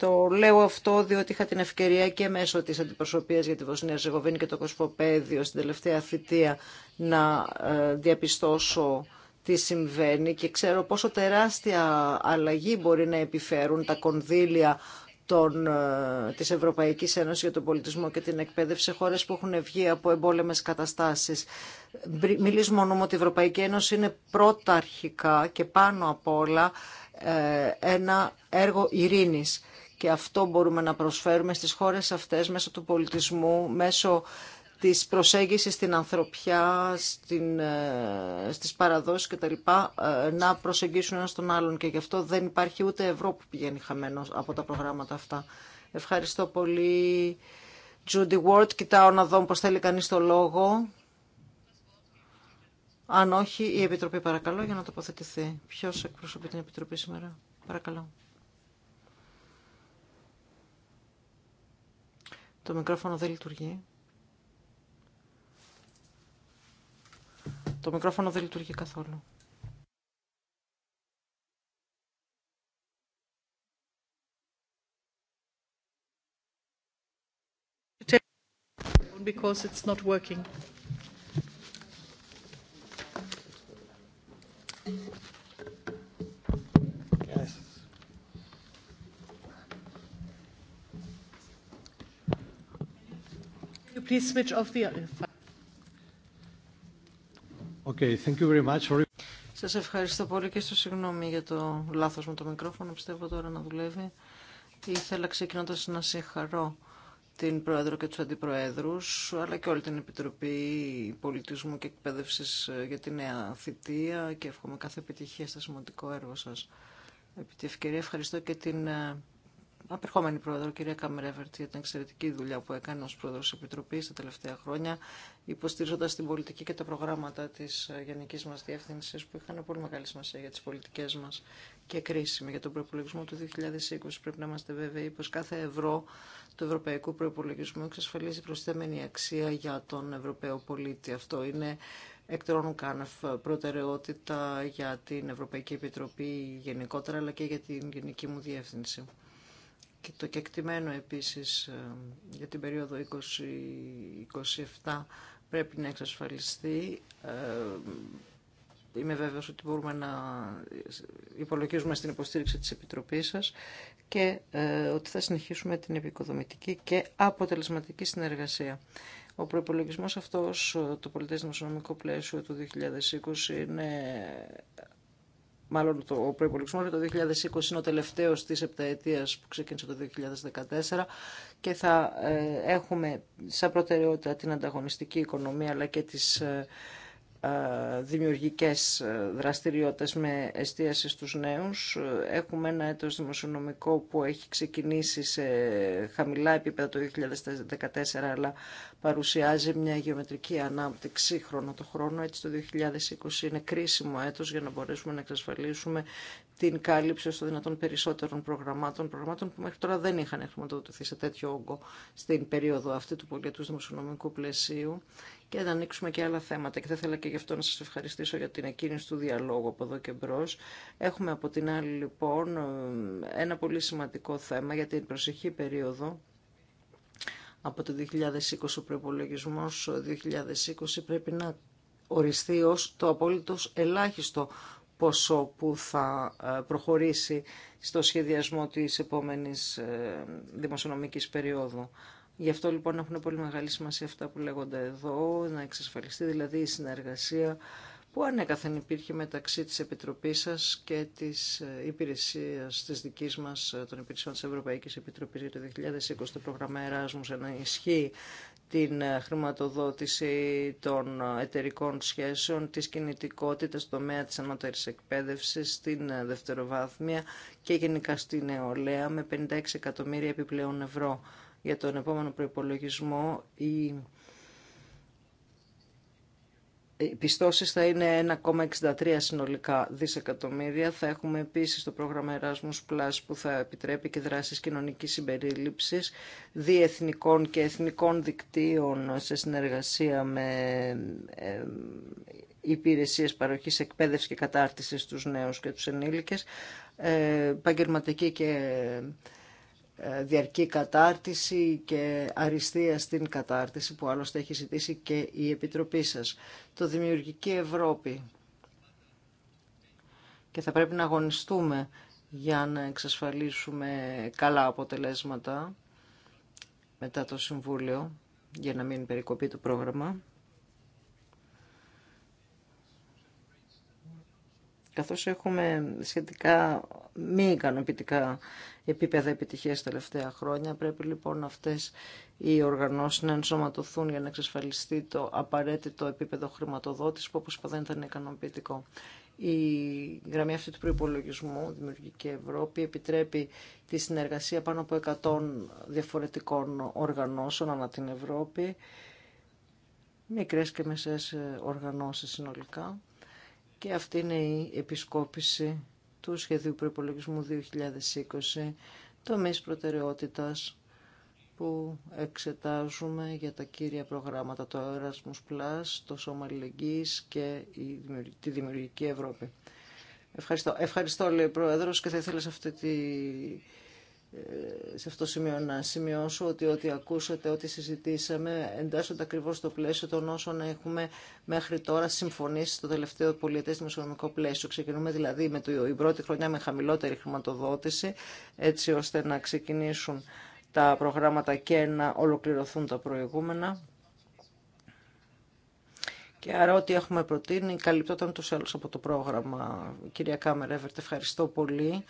το λέω αυτό διότι είχα την ευκαιρία και μέσω της αντιπροσωπείας για τη Βοσνία Ζεγοβίνη και το Κοσμοπέδιο στην τελευταία θητεία να ε, διαπιστώσω τι συμβαίνει και ξέρω πόσο τεράστια αλλαγή μπορεί να επιφέρουν τα κονδύλια των, ε, της Ευρωπαϊκής Ένωσης για τον πολιτισμό και την εκπαίδευση σε χώρες που έχουν βγει από εμπόλεμες καταστάσεις. Μιλείς μόνο ότι η Ευρωπαϊκή Ένωση είναι πρώτα αρχικά και πάνω απ' όλα ε, ένα έργο ειρήνης και αυτό μπορούμε να προσφέρουμε στις χώρες αυτές μέσω του πολιτισμού, μέσω της προσέγγισης στην ανθρωπιά, στην, ε, στις παραδόσεις κτλ. Ε, να προσεγγίσουν ένα τον άλλον και γι' αυτό δεν υπάρχει ούτε ευρώ που πηγαίνει χαμένο από τα προγράμματα αυτά. Ευχαριστώ πολύ. Judy Ward, κοιτάω να δω πώς θέλει κανείς το λόγο. Αν όχι, η Επιτροπή παρακαλώ για να τοποθετηθεί. Ποιος εκπροσωπεί την Επιτροπή σήμερα. Παρακαλώ. Το μικρόφωνο δεν λειτουργεί. Το μικρόφωνο δεν λειτουργεί καθόλου. Because it's not working. please switch off the... Uh, okay, thank you very much for... Σας ευχαριστώ πολύ και στο συγγνώμη για το λάθος μου το μικρόφωνο. Πιστεύω τώρα να δουλεύει. Ήθελα ξεκινώντα να συγχαρώ την Πρόεδρο και τους Αντιπροέδρους, αλλά και όλη την Επιτροπή Πολιτισμού και εκπαίδευση ε, για τη νέα θητεία και εύχομαι κάθε επιτυχία στα σημαντικό έργο σας. Επί τη ευκαιρία ευχαριστώ και την ε, απερχόμενη πρόεδρο, κυρία Καμερέβερτ, για την εξαιρετική δουλειά που έκανε ω πρόεδρο τη Επιτροπή τα τελευταία χρόνια, υποστηρίζοντα την πολιτική και τα προγράμματα τη γενική μα διεύθυνση, που είχαν πολύ μεγάλη σημασία για τι πολιτικέ μα και κρίσιμη. Για τον προπολογισμό του 2020, πρέπει να είμαστε βέβαιοι πω κάθε ευρώ του ευρωπαϊκού προπολογισμού εξασφαλίζει προσθέμενη αξία για τον Ευρωπαίο πολίτη. Αυτό είναι εκ κάνευ προτεραιότητα για την Ευρωπαϊκή Επιτροπή γενικότερα, αλλά και για την γενική μου διεύθυνση και το κεκτημένο επίσης ε, για την περίοδο 2027 πρέπει να εξασφαλιστεί. Ε, είμαι βέβαιος ότι μπορούμε να υπολογίζουμε στην υποστήριξη της Επιτροπής σας και ε, ότι θα συνεχίσουμε την επικοδομητική και αποτελεσματική συνεργασία. Ο προπολογισμό αυτός, το πολιτές δημοσιονομικό πλαίσιο του 2020, είναι μάλλον το, ο προπολογισμό για το 2020 είναι ο τελευταίο τη επταετία που ξεκίνησε το 2014 και θα ε, έχουμε σαν προτεραιότητα την ανταγωνιστική οικονομία αλλά και τις ε, ε, δημιουργικές ε, δραστηριότητες με εστίαση στους νέους. Έχουμε ένα έτος δημοσιονομικό που έχει ξεκινήσει σε χαμηλά επίπεδα το 2014, αλλά παρουσιάζει μια γεωμετρική ανάπτυξη χρόνο το χρόνο. Έτσι το 2020 είναι κρίσιμο έτος για να μπορέσουμε να εξασφαλίσουμε την κάλυψη όσο δυνατόν περισσότερων προγραμμάτων, προγραμμάτων που μέχρι τώρα δεν είχαν χρηματοδοτηθεί σε τέτοιο όγκο στην περίοδο αυτή του πολιτού δημοσιονομικού πλαισίου και να ανοίξουμε και άλλα θέματα. Και θα ήθελα και γι' αυτό να σας ευχαριστήσω για την εκκίνηση του διαλόγου από εδώ και μπρο. Έχουμε από την άλλη λοιπόν ένα πολύ σημαντικό θέμα για την προσεχή περίοδο. Από το 2020 ο προπολογισμό 2020 πρέπει να οριστεί ως το απόλυτος ελάχιστο ποσό που θα ε, προχωρήσει στο σχεδιασμό της επόμενης ε, δημοσιονομικής περίοδου. Γι' αυτό λοιπόν έχουν πολύ μεγάλη σημασία αυτά που λέγονται εδώ, να εξασφαλιστεί δηλαδή η συνεργασία που ανέκαθεν υπήρχε μεταξύ της Επιτροπής σας και της ε, υπηρεσίας της δικής μας ε, των υπηρεσιών της Ευρωπαϊκής Επιτροπής για το 2020 το πρόγραμμα Εράσμους ισχύει την ε, χρηματοδότηση των εταιρικών σχέσεων, της κινητικότητας στο τομέα της ανώτερης εκπαίδευσης, στην δευτεροβάθμια και γενικά στην νεολαία με 56 εκατομμύρια επιπλέον ευρώ για τον επόμενο προϋπολογισμό οι οι πιστώσεις θα είναι 1,63 συνολικά δισεκατομμύρια. Θα έχουμε επίσης το πρόγραμμα Erasmus Plus που θα επιτρέπει και δράσεις κοινωνικής συμπερίληψης διεθνικών και εθνικών δικτύων σε συνεργασία με υπηρεσίες παροχής εκπαίδευσης και κατάρτισης στους νέους και τους ενήλικες, ε, επαγγελματική και ε, διαρκή κατάρτιση και αριστεία στην κατάρτιση που άλλωστε έχει ζητήσει και η Επιτροπή σας. Το Δημιουργική Ευρώπη. Και θα πρέπει να αγωνιστούμε για να εξασφαλίσουμε καλά αποτελέσματα μετά το Συμβούλιο για να μην περικοπεί το πρόγραμμα. Καθώς έχουμε σχετικά μη ικανοποιητικά επίπεδα επιτυχίας τα τελευταία χρόνια. Πρέπει λοιπόν αυτές οι οργανώσεις να ενσωματωθούν για να εξασφαλιστεί το απαραίτητο επίπεδο χρηματοδότηση που όπως είπα δεν ήταν ικανοποιητικό. Η γραμμή αυτή του προϋπολογισμού, Δημιουργική Ευρώπη, επιτρέπει τη συνεργασία πάνω από 100 διαφορετικών οργανώσεων ανά την Ευρώπη, μικρές και μεσές οργανώσεις συνολικά. Και αυτή είναι η επισκόπηση του Σχεδίου προπολογισμού 2020, τομείς προτεραιότητας που εξετάζουμε για τα κύρια προγράμματα, το Erasmus Plus, το Σώμα Αλληλεγγύης και τη Δημιουργική Ευρώπη. Ευχαριστώ. Ευχαριστώ, λέει ο Πρόεδρος, και θα ήθελα σε αυτή τη ε, σε αυτό σημείο να σημειώσω ότι ό,τι ακούσατε, ό,τι συζητήσαμε εντάσσονται ακριβώ στο πλαίσιο των όσων έχουμε μέχρι τώρα συμφωνήσει στο τελευταίο πολιτέ δημοσιονομικό πλαίσιο. Ξεκινούμε δηλαδή με το, η πρώτη χρονιά με χαμηλότερη χρηματοδότηση, έτσι ώστε να ξεκινήσουν τα προγράμματα και να ολοκληρωθούν τα προηγούμενα. Και άρα ό,τι έχουμε προτείνει καλυπτόταν τους άλλους από το πρόγραμμα. Κυρία Κάμερα, ευχαριστώ πολύ.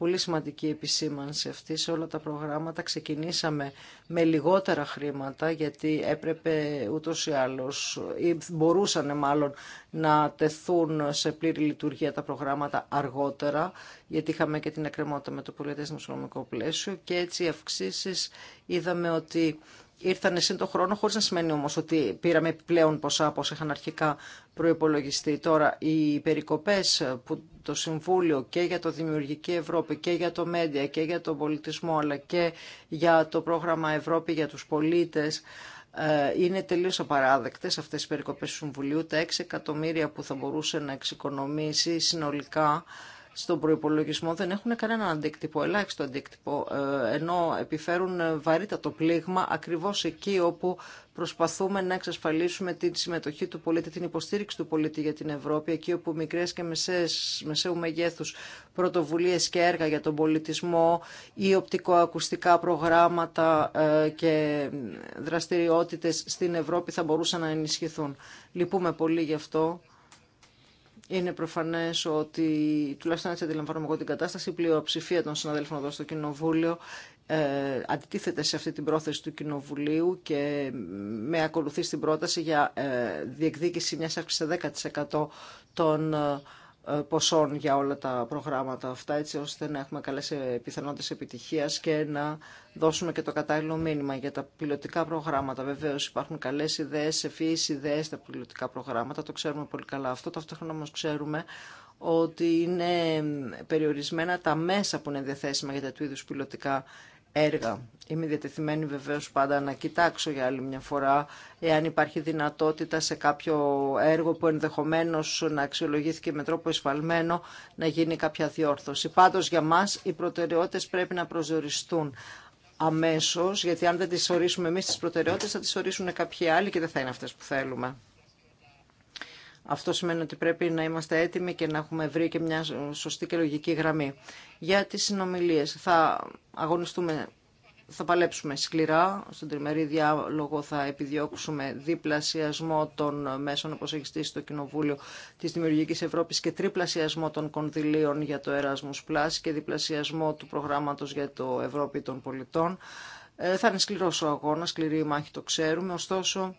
Πολύ σημαντική επισήμανση αυτή σε όλα τα προγράμματα. Ξεκινήσαμε με λιγότερα χρήματα γιατί έπρεπε ούτως ή άλλως ή μπορούσαν μάλλον να τεθούν σε πλήρη λειτουργία τα προγράμματα αργότερα γιατί είχαμε και την εκκρεμότητα με το πολιτισμο νοσονομικό πλαίσιο και έτσι οι αυξήσεις είδαμε ότι ήρθαν σύν το χρόνο, χωρίς να σημαίνει όμως ότι πήραμε επιπλέον ποσά από είχαν αρχικά προϋπολογιστεί. Τώρα, οι περικοπές που το Συμβούλιο και για το Δημιουργική Ευρώπη και για το Μέντια και για τον πολιτισμό αλλά και για το πρόγραμμα Ευρώπη για τους πολίτες ε, είναι τελείως απαράδεκτες αυτές οι περικοπές του Συμβουλίου. Τα 6 εκατομμύρια που θα μπορούσε να εξοικονομήσει συνολικά στον προπολογισμό δεν έχουν κανένα αντίκτυπο, ελάχιστο αντίκτυπο, ε, ενώ επιφέρουν ε, βαρύτατο πλήγμα ακριβώς εκεί όπου προσπαθούμε να εξασφαλίσουμε την συμμετοχή του πολίτη, την υποστήριξη του πολίτη για την Ευρώπη, εκεί όπου μικρές και μεσαίες, μεσαίου μεγέθους πρωτοβουλίες και έργα για τον πολιτισμό ή οπτικοακουστικά προγράμματα ε, και δραστηριότητες στην Ευρώπη θα μπορούσαν να ενισχυθούν. Λυπούμε πολύ γι' αυτό είναι προφανέ ότι, τουλάχιστον έτσι αντιλαμβάνομαι εγώ την κατάσταση, η πλειοψηφία των συναδέλφων εδώ στο Κοινοβούλιο ε, αντιτίθεται σε αυτή την πρόθεση του Κοινοβουλίου και με ακολουθεί στην πρόταση για ε, διεκδίκηση μιας αύξηση 10% των ε, ε, ποσών για όλα τα προγράμματα αυτά, έτσι ώστε να έχουμε καλές ε, πιθανότητες επιτυχίας και να δώσουμε και το κατάλληλο μήνυμα για τα πιλωτικά προγράμματα. Βεβαίως υπάρχουν καλές ιδέες, ευφύης ιδέες στα πιλωτικά προγράμματα, το ξέρουμε πολύ καλά αυτό, ταυτόχρονα όμως ξέρουμε ότι είναι ε, περιορισμένα τα μέσα που είναι διαθέσιμα για τέτοιου είδου πιλωτικά έργα. Είμαι διατεθειμένη βεβαίως πάντα να κοιτάξω για άλλη μια φορά εάν υπάρχει δυνατότητα σε κάποιο έργο που ενδεχομένως να αξιολογήθηκε με τρόπο εσφαλμένο να γίνει κάποια διόρθωση. Πάντως για μας οι προτεραιότητες πρέπει να προσδιοριστούν αμέσως γιατί αν δεν τις ορίσουμε εμείς τις προτεραιότητες θα τις ορίσουν κάποιοι άλλοι και δεν θα είναι αυτές που θέλουμε. Αυτό σημαίνει ότι πρέπει να είμαστε έτοιμοι και να έχουμε βρει και μια σωστή και λογική γραμμή. Για τι συνομιλίε. θα αγωνιστούμε θα παλέψουμε σκληρά. Στον τριμερή διάλογο θα επιδιώξουμε διπλασιασμό των μέσων όπω έχει στήσει το Κοινοβούλιο τη Δημιουργική Ευρώπη και τριπλασιασμό των κονδυλίων για το Erasmus Plus και διπλασιασμό του προγράμματο για το Ευρώπη των πολιτών. Ε, θα είναι σκληρό ο αγώνα, σκληρή η μάχη το ξέρουμε. Ωστόσο,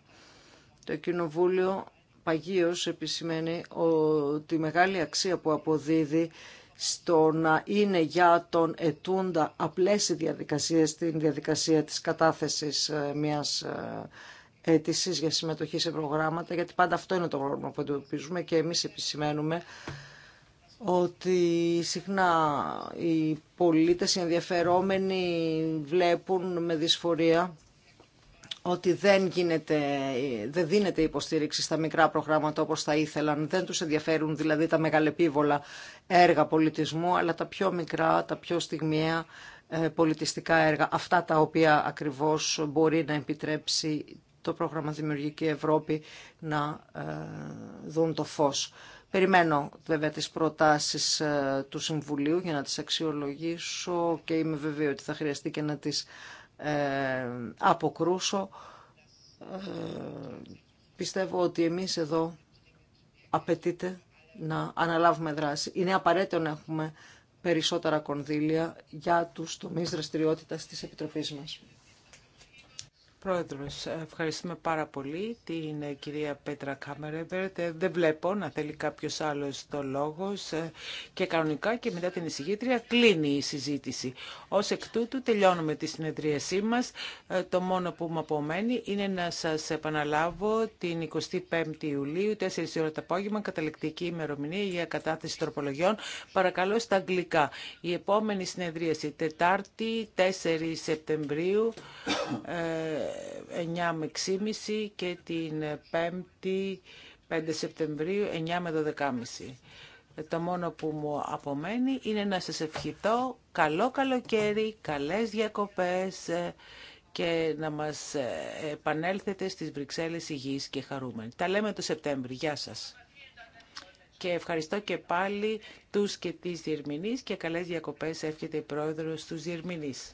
το Κοινοβούλιο παγίως επισημαίνει ότι η μεγάλη αξία που αποδίδει στο να είναι για τον ετούντα απλές οι διαδικασίες στην διαδικασία της κατάθεσης ε, μιας ε, αίτησης για συμμετοχή σε προγράμματα, γιατί πάντα αυτό είναι το πρόβλημα που αντιμετωπίζουμε και εμείς επισημαίνουμε ότι συχνά οι πολίτες οι ενδιαφερόμενοι βλέπουν με δυσφορία ότι δεν, δεν δίνεται υποστήριξη στα μικρά προγράμματα όπως θα ήθελαν. Δεν τους ενδιαφέρουν δηλαδή τα μεγαλεπίβολα έργα πολιτισμού, αλλά τα πιο μικρά, τα πιο στιγμιαία ε, πολιτιστικά έργα. Αυτά τα οποία ακριβώς μπορεί να επιτρέψει το πρόγραμμα Δημιουργική Ευρώπη να ε, δουν το φως. Περιμένω βέβαια τις προτάσεις ε, του Συμβουλίου για να τις αξιολογήσω και είμαι βέβαιη ότι θα χρειαστεί και να τις ε, αποκρούσω. Ε, πιστεύω ότι εμείς εδώ απαιτείται να αναλάβουμε δράση. Είναι απαραίτητο να έχουμε περισσότερα κονδύλια για τους τομείς δραστηριότητας της Επιτροπής μας. Πρόεδρος, ευχαριστούμε πάρα πολύ την ε, κυρία Πέτρα Κάμερεβερτ. Ε, δεν βλέπω να θέλει κάποιος άλλος το λόγο. και κανονικά και μετά την εισηγήτρια κλείνει η συζήτηση. Ως εκ τούτου τελειώνουμε τη συνεδρίασή μας. Ε, το μόνο που μου απομένει είναι να σας επαναλάβω την 25η Ιουλίου, 4 ώρα το απόγευμα, καταληκτική ημερομηνία για κατάθεση τροπολογιών. Παρακαλώ στα αγγλικά. Η επόμενη συνεδρίαση, Τετάρτη, 4 Σεπτεμβρίου, 9 με 6.30 και την 5η 5 Σεπτεμβρίου 9 με 12.30. Το μόνο που μου απομένει είναι να σας ευχηθώ καλό καλοκαίρι, καλές διακοπές και να μας επανέλθετε στις Βρυξέλλες υγιείς και χαρούμενοι. Τα λέμε το Σεπτέμβριο. Γεια σας. Και ευχαριστώ και πάλι τους και τις διερμηνείς και καλές διακοπές εύχεται η Πρόεδρος τους διερμηνείς.